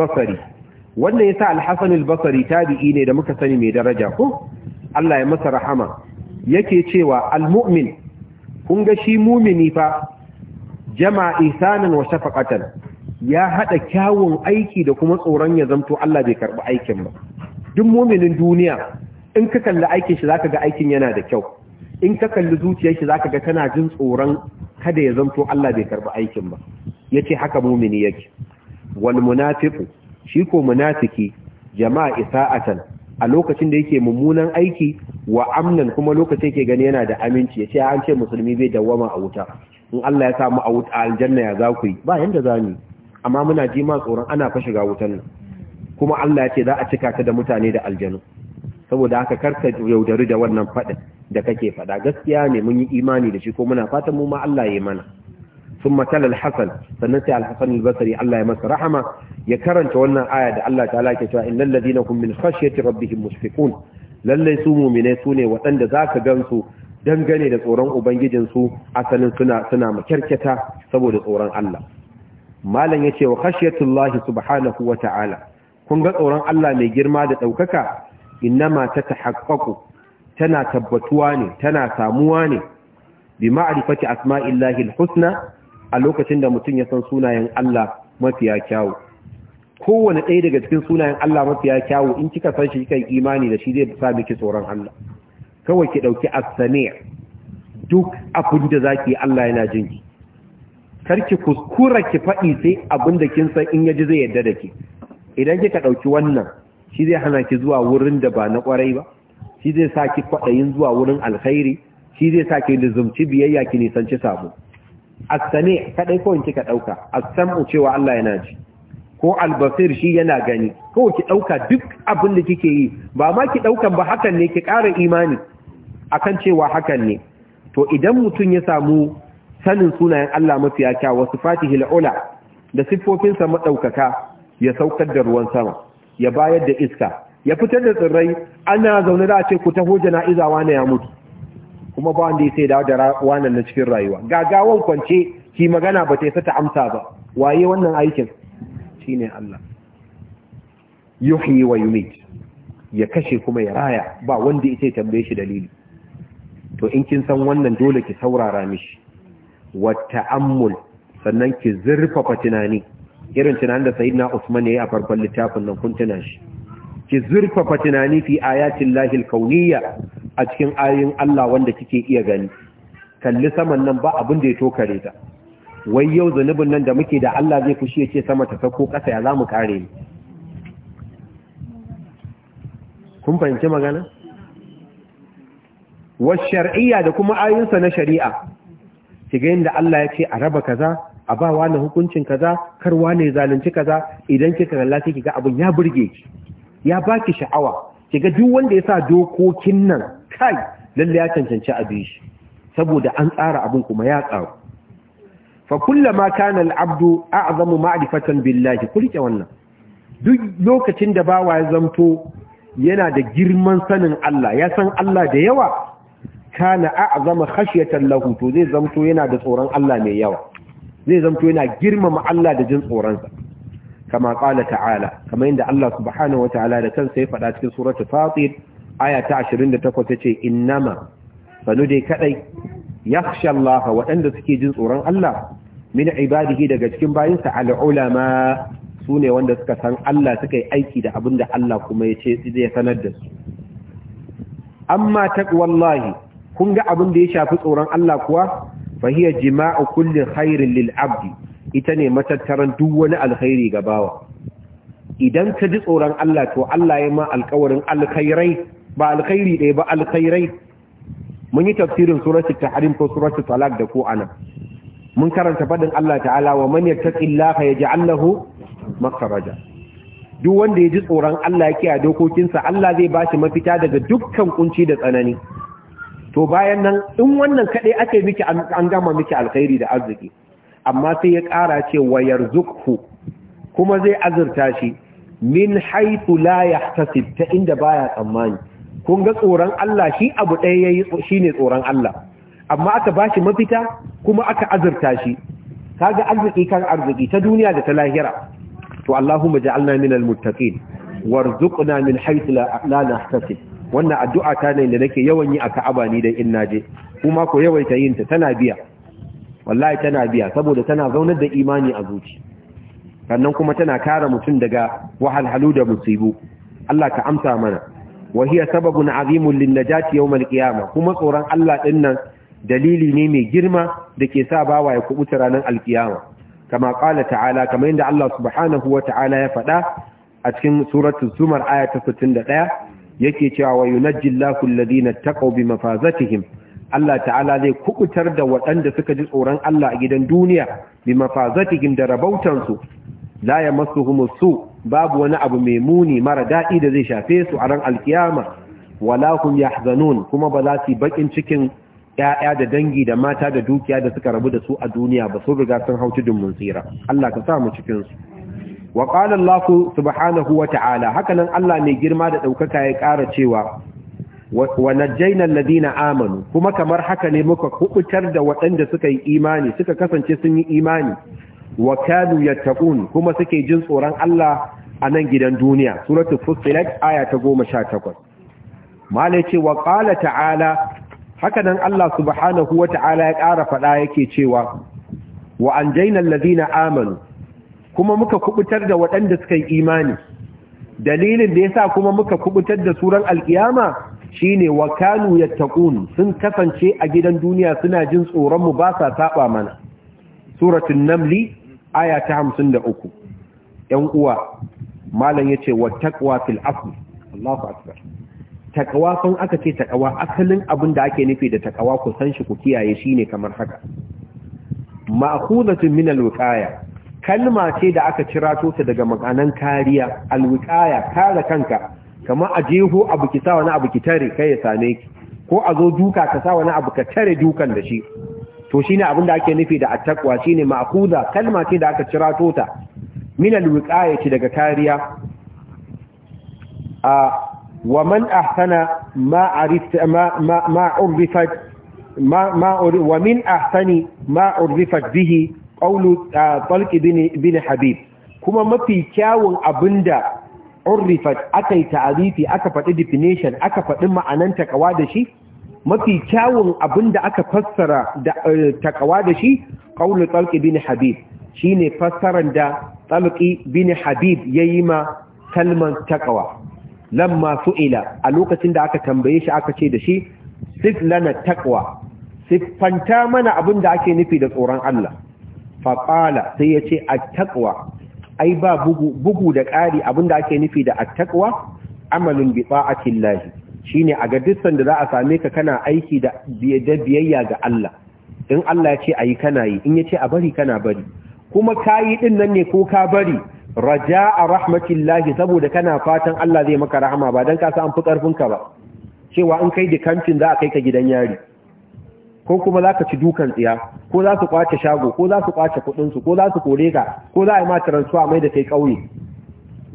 wannan yasa sa hasan al tabi'i ne da muka sani mai daraja ko Allah ya masa rahama yake cewa almumin, kun ga shi mumini fa jama'a isanan wa shafaqatan ya hada kyawun aiki da kuma tsoron ya zamto Allah bai karbi aikin ba duk muminin duniya in ka kalli aikin shi zaka ga aikin yana da kyau in ka kalli zuciyar shi zaka ga tana jin tsoron kada ya zamto Allah bai karbi aikin ba yace haka mumini yake wal munafiqu shi ko munafiki jama'a isa'atan a lokacin da yake mummunan aiki wa amnan kuma lokacin yake gani yana da aminci ya ce an ce musulmi bai dawwama a wuta in Allah ya samu a wuta aljanna ya za ku yi ba yanda za mu amma muna ji ma tsoron ana fa shiga wutan nan kuma Allah ya ce za a cika ta da mutane da aljanu saboda haka karka yaudari da wannan faɗin da kake faɗa gaskiya ne mun yi imani da shi ko muna fatan mu ma Allah ya yi mana sun matal al sannan sai al-hasan ya masa rahama ya karanta wannan aya da Allah ta'ala ke cewa innal ladina hum min khashyati rabbihim mushfiqun lalle su mu'mine su ne waɗanda zaka gansu dangane da tsoron ubangijin su asalin suna suna makyarketa saboda tsoron Allah malam ya ce wa khashyatullahi subhanahu wa ta'ala kun ga tsoron Allah mai girma da ɗaukaka? daukaka innama tatahaqqaqu tana tabbatuwa ne tana samuwa ne bi ma'rifati asma'illahi al-husna a lokacin da mutum ya san sunayen Allah mafiya kyawu kowane ɗaya daga cikin sunayen Allah mafiya kyawu in kika san shi kan imani da shi zai sa miki tsoron Allah kawai ki ɗauki as-sami' duk abin da yi Allah yana jin ki karki kuskura ki faɗi sai abin da kin san in ji zai yarda da ki idan kika ɗauki wannan shi zai hana ki zuwa wurin da ba na ƙwarai ba shi zai sa ki kwaɗayin zuwa wurin alkhairi shi zai sa ki lizumci biyayya ki nisanci sabo as kaɗai kadai ko in kika ɗauka? as-sam'u cewa Allah yana ji ko al shi yana gani ko ki ɗauka duk abin da kike yi ba ma ki daukan ba hakan ne ki ƙara imani akan cewa hakan ne to idan mutum ya samu sanin sunayen Allah mafiya kya wasu fatihil ula da siffofinsa maɗaukaka, ya saukar da ruwan sama ya bayar da iska ya fitar da tsirrai ana zaune da ce ku taho jana'izawa na ya mutu kuma ba wanda ya sai dawo da wanan na cikin rayuwa gagawan kwance ki magana ba ta yi sata amsa ba waye wannan aikin Shi ne Allah Yuhi wa ya kashe kuma ya raya ba wanda ya sai tambaye shi dalili to in kin san wannan dole ki saurara mishi wa ta'ammul sannan ki zurfafa tunani irin tunanin da sayyidina Usman ya yi a farkon littafin nan kun tuna shi ki zurfafa tunani fi ayatin lahil kauniyya a cikin ayoyin Allah wanda kike iya gani kalli saman nan ba abin da ya tokare ta wai yau zunubin nan da muke da Allah zai fushi ya ce sama ta sako ƙasa ya zamu kare ni kun fahimci magana wa shar'iyya da kuma ayoyinsa na shari'a kiga inda Allah ya ce a raba kaza a ba wani hukuncin kaza kar wani zalunci kaza idan kika kalla sai kiga abin ya burge ki ya baki sha'awa ga duk wanda ya sa dokokin nan kai lalle ya cancanci abin shi saboda an tsara abin kuma ya tsaro fa kullama kana al-abdu a'zamu ma'rifatan billahi kulike wannan duk lokacin da bawa ya zanto yana da girman sanin Allah ya san Allah da yawa kana a'zama khashyatan lahu to zai zanto yana da tsoron Allah mai yawa zai zanto yana girmama Allah da jin tsoron sa. kama qala ala, kamar inda Allah subhanahu wa ta'ala da kansa sai faɗa cikin suratul fatir aya ta 28 tace innama fanu dai kadai yakhsha Allah waɗanda suke jin tsoron Allah min ibadihi daga cikin bayinsa al-ulama sune wanda suka san Allah suka yi aiki da abinda Allah kuma ya zai sanar da su amma taqwallahi kun ga abin da ya shafi tsoron Allah kuwa fahiya jima'u kulli khairin lil abdi ita ne matattaran duk wani alkhairi ga bawa idan ka ji tsoron Allah to Allah ya ma alkawarin alkhairai ba alkhairi ɗaya ba alkhairai mun yi tafsirin suratul tahrim ko suratul talaq da ko ana mun karanta fadin Allah ta'ala wa man yattaqillaha yaj'al lahu makhraja duk wanda ya ji tsoron Allah yake a dokokinsa Allah zai bashi mafita daga dukkan kunci da tsanani to bayan nan in wannan kaɗai ake miki an gama miki alkhairi da arziki amma sai ya ƙara ce wayar yarzuqhu kuma zai azurta shi min haythu la yahtasib ta inda baya tsammani kun ga tsoron Allah shi abu ɗaya yayi shine tsoron Allah amma aka bashi mafita kuma aka azurta shi kaga arziki kan arziki ta duniya da ta lahira to Allahumma ja'alna minal muttaqin warzuqna min haythu la nahtasib wannan addu'a ta ne da nake yawan yi a Ka'aba ni dan in naje kuma ko yawaita yin ta tana biya wallahi tana biya saboda tana zaunar da imani a zuci sannan kuma tana kare mutum daga wahalhalu da musibu Allah ka amsa mana wa hiya sababun azimun lin najati yawmal qiyamah kuma tsoron Allah din nan dalili ne mai girma da ke sa bawa ya kubuta ranar alkiyama kama qala ta'ala kama inda Allah subhanahu wa ta'ala ya faɗa a cikin suratul zumar aya ta 61 yake cewa wa yunajjillahu alladhina taqaw bi mafazatihim Allah ta'ala zai kubutar da waɗanda suka ji tsoron Allah a gidan duniya bi mafazatikin da rabautansu la yamassuhumus su babu wani abu mai muni mara daɗi da zai shafe su a ran alkiyama wala hum yahzanun kuma ba za su bakin cikin ƴaƴa da dangi da mata da dukiya da suka rabu da su a duniya ba sun riga sun hauci dumin tsira Allah ka sa mu cikin su wa qala Allah subhanahu wa ta'ala hakanan Allah mai girma da daukaka ya ƙara cewa wa najjayna alladhina amanu kuma kamar haka ne muka kubutar da waɗanda suka yi imani suka kasance sun yi imani wa kanu yattaqun kuma suke jin tsoron Allah a nan gidan duniya suratul fussilat aya ta 18 mala ce wa qala ta'ala haka nan Allah subhanahu wata'ala ta'ala ya ƙara faɗa yake cewa wa anjayna alladhina amanu kuma muka kubutar da waɗanda suka yi imani dalilin da yasa kuma muka kubutar da suran alkiyama Shi ne wa kanu taƙun sun kasance a gidan duniya suna jin tsoronmu mu ba sa taɓa mana suratun namli aya ta hamsin uku, yan uwa malam ce wa taƙwa fil asl Allahu akbar taƙawa sun aka ce taƙawa asalin abin da ake nufi da taƙawa ku san shi ku kiyaye shine kamar haka ma'khudatun min al kalma ce da aka cira ta daga maganan kariya al kare kanka kamar a jeho abu ki sa wani abu ki tare kai ya same ki ko a zo duka ka sa wani abu ka tare dukan da shi to shine abin da ake nufi da attaqwa shine ma'khuda kalma ce da aka cira tota min ce daga kariya a wa man ahsana ma arifta ma ma urifa ma ma wa min ahsani ma urifa bihi qawlu talq bin bin habib kuma mafi kyawun abinda urrifat aka yi ta'arifi aka faɗi definition aka faɗi ma'anan takawa da shi mafi kyawun abin da aka fassara da eh, takawa da shi Ƙaunar talqi bin habib shine fassaran da talqi bin habib yayi ma kalman takawa masu ila a lokacin da aka tambaye shi aka ce da shi sif lana taqwa siffanta mana abin da ake nufi da tsoron Allah faƙala sai ya ce a taƙwa ai ba bugu bugu da ƙari da ake nufi da attaqwa amalin bi ta'atillahi shine a ga dukkan da za a same ka kana aiki da biyayya ga Allah in Allah ya ce ayi kana yi in ya ce a bari kana bari kuma kayi din nan ne ko ka bari Raja raja'a rahmatillahi saboda kana fatan Allah zai maka rahama ba dan ka san fi karfin ka ba cewa in kai da za a kai ka gidan yari ko kuma za ka ci dukan tsiya ko za su kwace shago ko za su kwace kudinsu ko za su kore ka ko za a yi ma transfer mai da kai ƙauye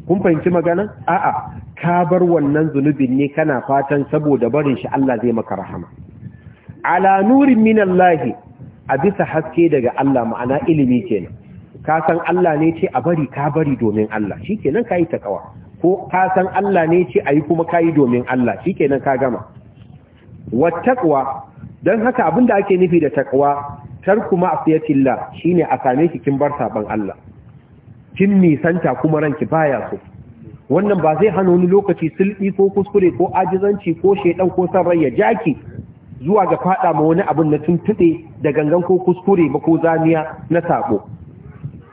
kun fahimci magana a'a ka bar wannan zunubin ne kana fatan saboda barin shi Allah zai maka rahama ala nurin min Allah a bisa haske daga Allah ma'ana ilimi kenan ka san Allah ne ce a bari ka bari domin Allah shikenan kai takawa ko ka san Allah ne ce a yi kuma kai domin Allah shikenan ka gama wattaqwa don haka abin da ake nufi da takwa tarku ma'asiyatillah shine a same ki kin bar saban Allah kin nisanta kuma ranki baya so wannan ba zai hana wani lokaci sulbi ko kuskure ko ajizanci ko shedan ko san rai ya jaki zuwa ga fada ma wani abin na tuntube da gangan ko kuskure ba ko zamiya na sabo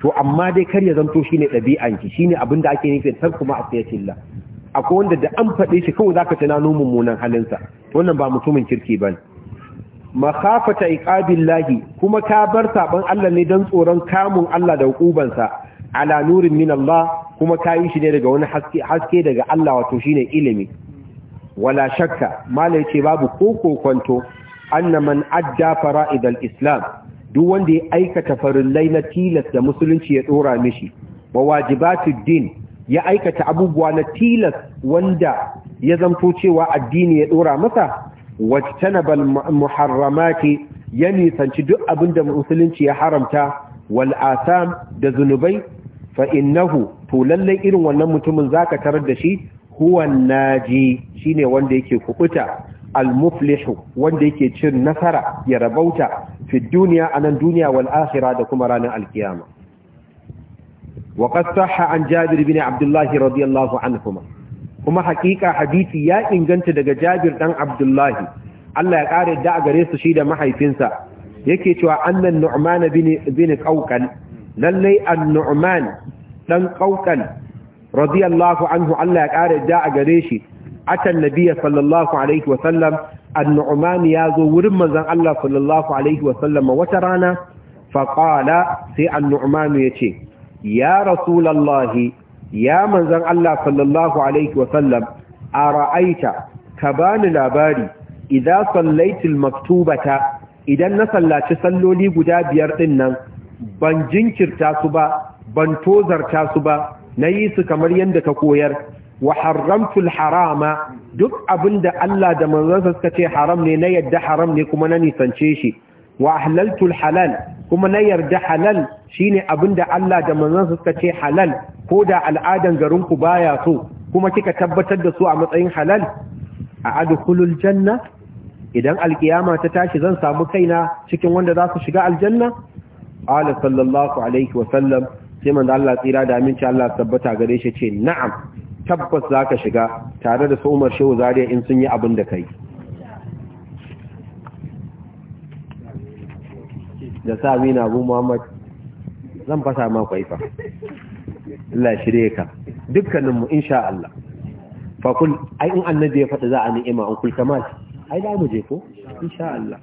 to amma dai kar ya zanto shine dabi'an ki shine abin da ake nufi tarku ma'asiyatillah akwai wanda da an faɗe shi kawai zaka tunano mummunan halinsa wannan ba mutumin kirki ba bane makhafata iqabillahi kuma ka bar saban Allah ne dan tsoron kamun Allah da hukubansa ala nurin min Allah kuma ka yi shi ne daga wani haske haske daga Allah wato shine ilimi wala shakka malai yace babu ko kwanto anna man adda fara'id al-islam duk wanda ya aikata farillai na tilas da musulunci ya dora mishi wa wajibatud din ya aikata abubuwa na tilas wanda ya zanto cewa addini ya dora masa wajtanabal muharramati ya nisanci duk abin da musulunci ya haramta wal asam da zunubai fa innahu to lallai irin wannan mutumin zaka tarar da shi huwa naji shine wanda yake kukuta al-muflihu wanda yake cin nasara ya rabauta fi duniya anan duniya wal akhirah da kuma ranar alkiyama wa qad an jabir bin Abdullahi radiyallahu anhuma kuma haƙiƙa hadisi ya inganta daga Jabir dan Abdullahi Allah ya ƙara yadda a gare su shi da mahaifinsa yake cewa annan Nu'man bin Qawqal lallai an-Nu'man dan Qawqal radiyallahu anhu Allah ya ƙara yadda a gare shi atan nabiyya sallallahu alaihi wa sallam an-Nu'man ya zo wurin manzon Allah sallallahu alaihi wa sallam wata rana fa qala sai an-Nu'man yace ya rasulullahi ya manzan Allah sallallahu alaihi wasallam a ra'aita ka bani labari idan sallaitul maktubata idan na sallaci salloli guda biyar din nan ban jinkirta su ba ban tozarta su ba na yi su kamar yadda ka koyar wa haramtul harama duk abinda Allah da manzansa suka ce haram ne na yadda haram ne kuma na nisance shi wa ahlaltul halal kuma na yarda halal shine abinda Allah da manzansa suka ce halal ko da al'adan garin ku baya so kuma kika tabbatar da su a matsayin halal a adkhulul janna idan alkiyama ta tashi zan samu kaina cikin wanda za su shiga aljanna qala sallallahu alaihi wa sallam sai manzo Allah tsira da aminci Allah tabbata gare shi ce na'am tabbas zaka shiga tare da su Umar Shehu Zaria in sun yi abin da kai da sami na abu muhammad zan fasa ma kwaifa Allah shirye ka dukkaninmu insha Allah fakul ai in annabi ya faɗi za a ni'ima an kul kamal ai da mu je ko insha Allah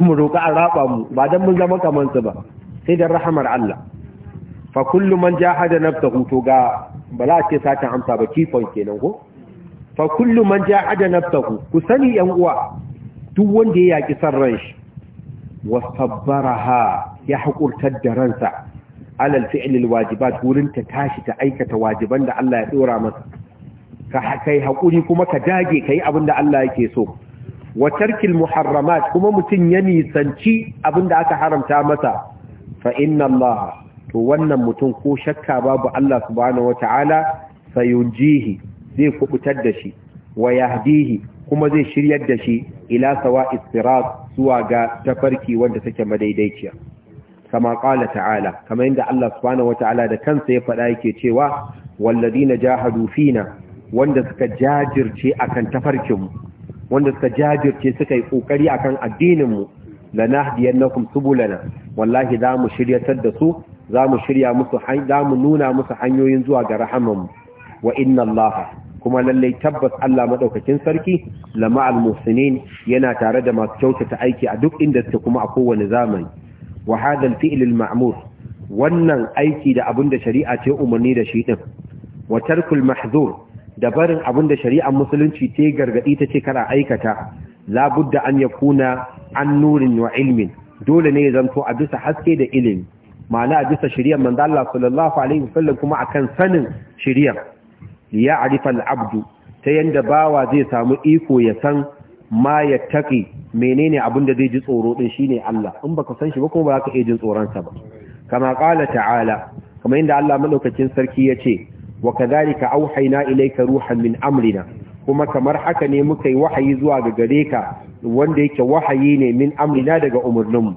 mu roƙa a raba mu ba dan mun zama kaman su ba sai da rahamar Allah fa kullu man jahada nafsahu to ga bala ce satin amsa ba point kenan ko fa kullu man jahada nafsahu ku sani yan uwa duk wanda ya yaki san ran shi wasabbaraha ya haƙurtar da ransa alal fi'lil wajibat wurin ta tashi ta aikata wajiban da Allah ya dora masa ka kai haƙuri kuma ka dage kai abin da Allah yake so wa tarkil muharramat kuma mutun ya nisanci abin da aka haramta masa fa inna Allah to wannan mutum ko shakka babu Allah subhanahu wataala sayunjihi zai kubutar da shi wa yahdihi kuma zai shiryar da shi ila sawa sirat zuwa ga tafarki wanda take madaidaiciya kama qala ta'ala kama inda Allah subhanahu wataala da kansa ya faɗa yake cewa walladina jahadu fina wanda suka jajirce akan tafarkin mu wanda suka jajirce suka yi kokari akan addinin mu lanahdiyannakum subulana wallahi za mu shiryatar da su za mu shirya musu nuna musu hanyoyin zuwa ga rahamanmu. mu wa inna Allaha. kuma lallai tabbas Allah maɗaukakin sarki lama al-muhsinin yana tare da masu kyautata aiki a duk inda suke kuma a kowane zamani wa hadha al-fi'l al-ma'mur wannan aiki da abinda shari'a ce umarni da shi din wa tarkul mahzur da barin abinda shari'ar musulunci ta gargadi ta ce kana aikata labudda an yakuna an nurin wa ilmin dole ne ya zanto a bisa haske da ilimi ma'ana a bisa shirya manzo Allah sallallahu alaihi wasallam kuma akan sanin shari'ar ya arifal abdu ta yadda bawa zai samu iko ya san ma ya taƙi menene abin da zai ji tsoro ɗin ne Allah in ba ka san shi ba kuma ba ka iya jin tsoronsa ba kama ƙala ta'ala kama yadda Allah maɗaukacin sarki ya ce wa ka ka kadhalika auhaina ilaika ruhan min amrina kuma kamar haka ne muka yi wahayi zuwa ga gare ka wanda yake wahayi ne min amrina daga umarninmu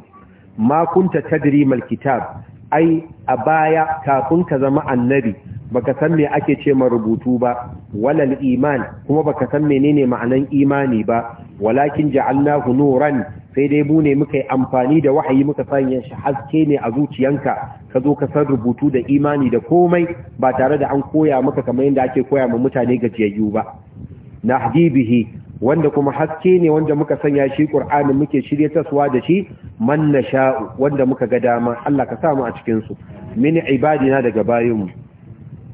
ma kunta tadri mal kitab ai a baya kafin ka zama annabi baka san me ake ce ma rubutu ba walal iman kuma baka san menene ma'anan imani ba walakin ja'alnahu nuran sai dai mu ne muka yi amfani da wahayi muka sanya shi haske ne a zuciyanka ka zo ka san rubutu da imani da komai ba tare da an koya maka kamar yadda ake koya ma mutane gajiyayyu ba nahdi bihi wanda kuma haske ne wanda muka sanya shi Qur'anin muke shirye taswa da shi man nasha wanda muka ga dama Allah ka sa mu a cikin su min ibadina daga mu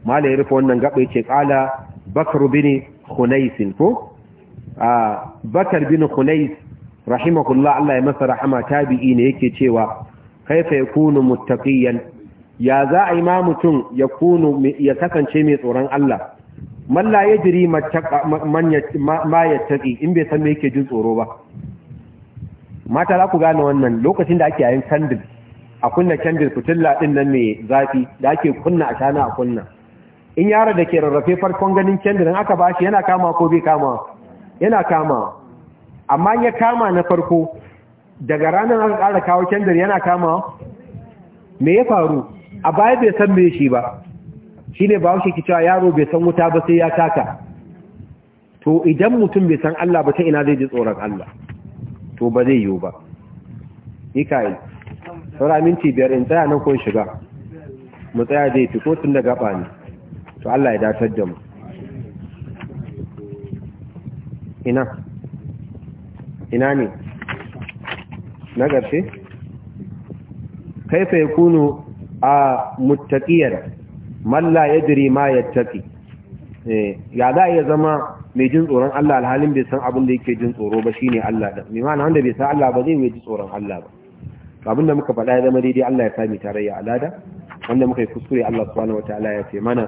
malai rufe wannan gaba ce kala bakar bin hunaisin ko bakar bin hunais rahimahullah Allah ya masa rahama tabi'i ne yake cewa kaifa yakunu muttaqiyan ya za a yi ma mutum ya kunu ya kasance mai tsoron Allah malla ya jiri ma yattaqi in bai san me yake jin tsoro ba mata za ku gane wannan lokacin da ake yayin candle a kunna candle fitilla din nan mai zafi da ake kunna a shana a kunna in yaro da ke rarrafe farkon ganin kendirin aka ba shi yana kama ko bai kama yana kama amma ya kama na farko daga ranar aka kara kawo kendir yana kama me ya faru a baya bai san me shi ba shi ne ba shi kicewa yaro bai san wuta ba sai ya taka to idan mutum bai san Allah ba ta ina zai ji tsoron Allah to ba zai yiwu ba Yi saura minti biyar in tsaya nan ko shiga mu tsaya zai fi ko tun da gaba ne to Allah ya datar da mu ina ina ne na kai kaifa yakunu a muttaqiyar Malla ya yadri ma yattaqi eh, ya za ya zama mai jin tsoron Allah alhalin bai san abin da yake jin tsoro ba shine Allah da mai mana wanda bai san Allah ba zai yi ji tsoron Allah ba abin da muka faɗa ya zama daidai Allah ya sami tarayya alada wanda muka yi kuskure Allah subhanahu wataala ya ce mana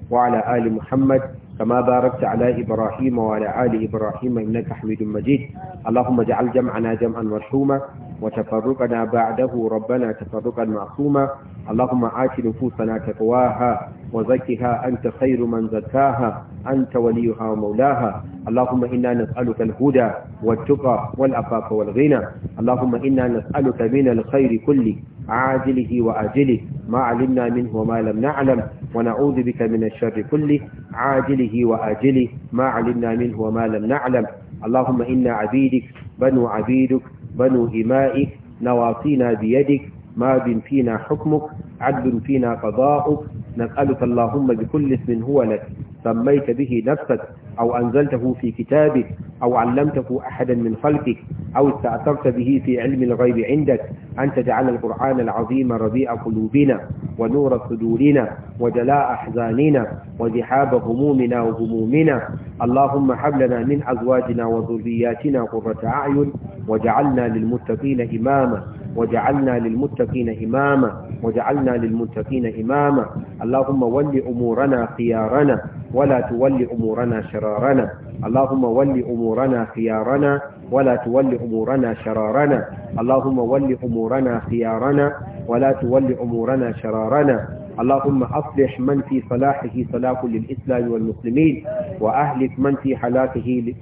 وعلى آل محمد كما باركت على إبراهيم وعلى آل إبراهيم إنك حميد مجيد اللهم اجعل جمعنا جمعا مرحوما وتفرقنا بعده ربنا تفرقا معصوما اللهم آت نفوسنا تقواها وزكها أنت خير من زكاها أنت وليها ومولاها اللهم إنا نسألك الهدى والتقى والأفاق والغنى اللهم إنا نسألك من الخير كله عاجله وآجله ما علمنا منه وما لم نعلم ونعوذ بك من الشر شر كله عاجله وآجله ما علمنا منه وما لم نعلم اللهم إنا عبيدك بنو عبيدك بنو إمائك نواصينا بيدك ماض فينا حكمك عدل فينا قضاؤك نسألك اللهم بكل اسم هو لك سميت به نفسك أو أنزلته في كتابك أو علمته أحدا من خلقك أو استأثرت به في علم الغيب عندك أن تجعل القرآن العظيم ربيع قلوبنا ونور صدورنا وجلاء أحزاننا وذحاب همومنا وهمومنا اللهم حبلنا من أزواجنا وذرياتنا قرة أعين وجعلنا للمتقين إماما وجعلنا للمتقين إماما وجعلنا للمتقين إماما اللهم ول أمورنا خيارنا ولا تول أمورنا شرارنا اللهم ول أمورنا خيارنا ولا تول أمورنا شرارنا اللهم ول أمورنا خيارنا ولا تول أمورنا شرارنا اللهم أصلح من في صلاحه صلاح للإسلام والمسلمين وأهلك من في حلاكه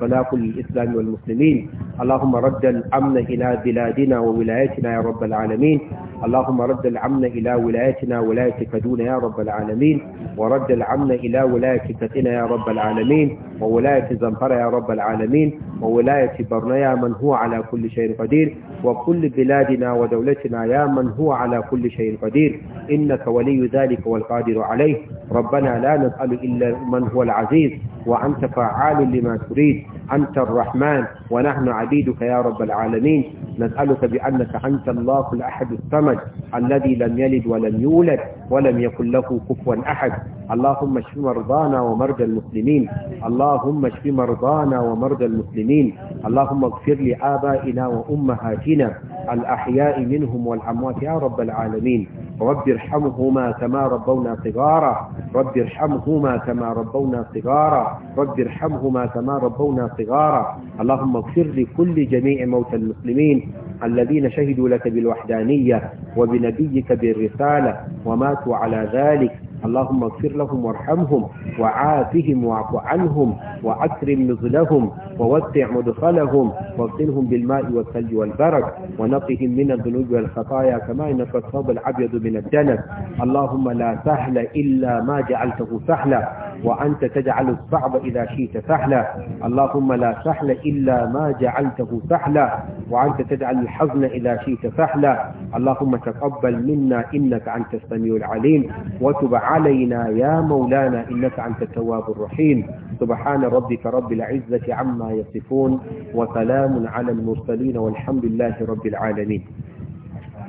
صلاح للإسلام والمسلمين اللهم رد الأمن إلى بلادنا وولايتنا يا رب العالمين اللهم رد الأمن إلى ولايتنا ولاية كدون يا رب العالمين ورد الأمن إلى ولاية كتنا يا رب العالمين وولاية زنفر يا رب العالمين وولاية برنا يا من هو على كل شيء قدير وكل بلادنا ودولتنا يا من هو على كل شيء قدير إنك ولي ذلك والقادر عليه ربنا لا نسأل إلا من هو العزيز وأنت فعال لما تريد أنت الرحمن ونحن عبيدك يا رب العالمين نسألك بأنك أنت الله الأحد الصمد الذي لم يلد ولم يولد ولم يكن له كفوا أحد اللهم اشف مرضانا ومرضى المسلمين اللهم اشف مرضانا ومرضى المسلمين اللهم اغفر لآبائنا وأمهاتنا الأحياء منهم والأموات يا رب العالمين رب ارحمهم ارحمهما كما ربونا صغارا رب ارحمهما كما ربونا صغارا رب ارحمهما كما ربونا صغارا اللهم اغفر لكل جميع موتى المسلمين الذين شهدوا لك بالوحدانية وبنبيك بالرسالة وماتوا على ذلك اللهم اغفر لهم وارحمهم وعافهم واعف عنهم وأكرم نزلهم ووسع مدخلهم واغسلهم بالماء والثلج والبرد ونقهم من الذنوب والخطايا كما ينقى الثوب الأبيض من الدنس اللهم لا سهل إلا ما جعلته سهلا وأنت تجعل الصعب إذا شئت سهلا اللهم لا سهل إلا ما جعلته سهلا وأنت تجعل الحزن إذا شئت سهلا اللهم تقبل منا إنك أنت السميع العليم وتب علينا يا مولانا إنك أنت التواب الرحيم سبحان ربك رب العزة عما يصفون وسلام على المرسلين والحمد لله رب العالمين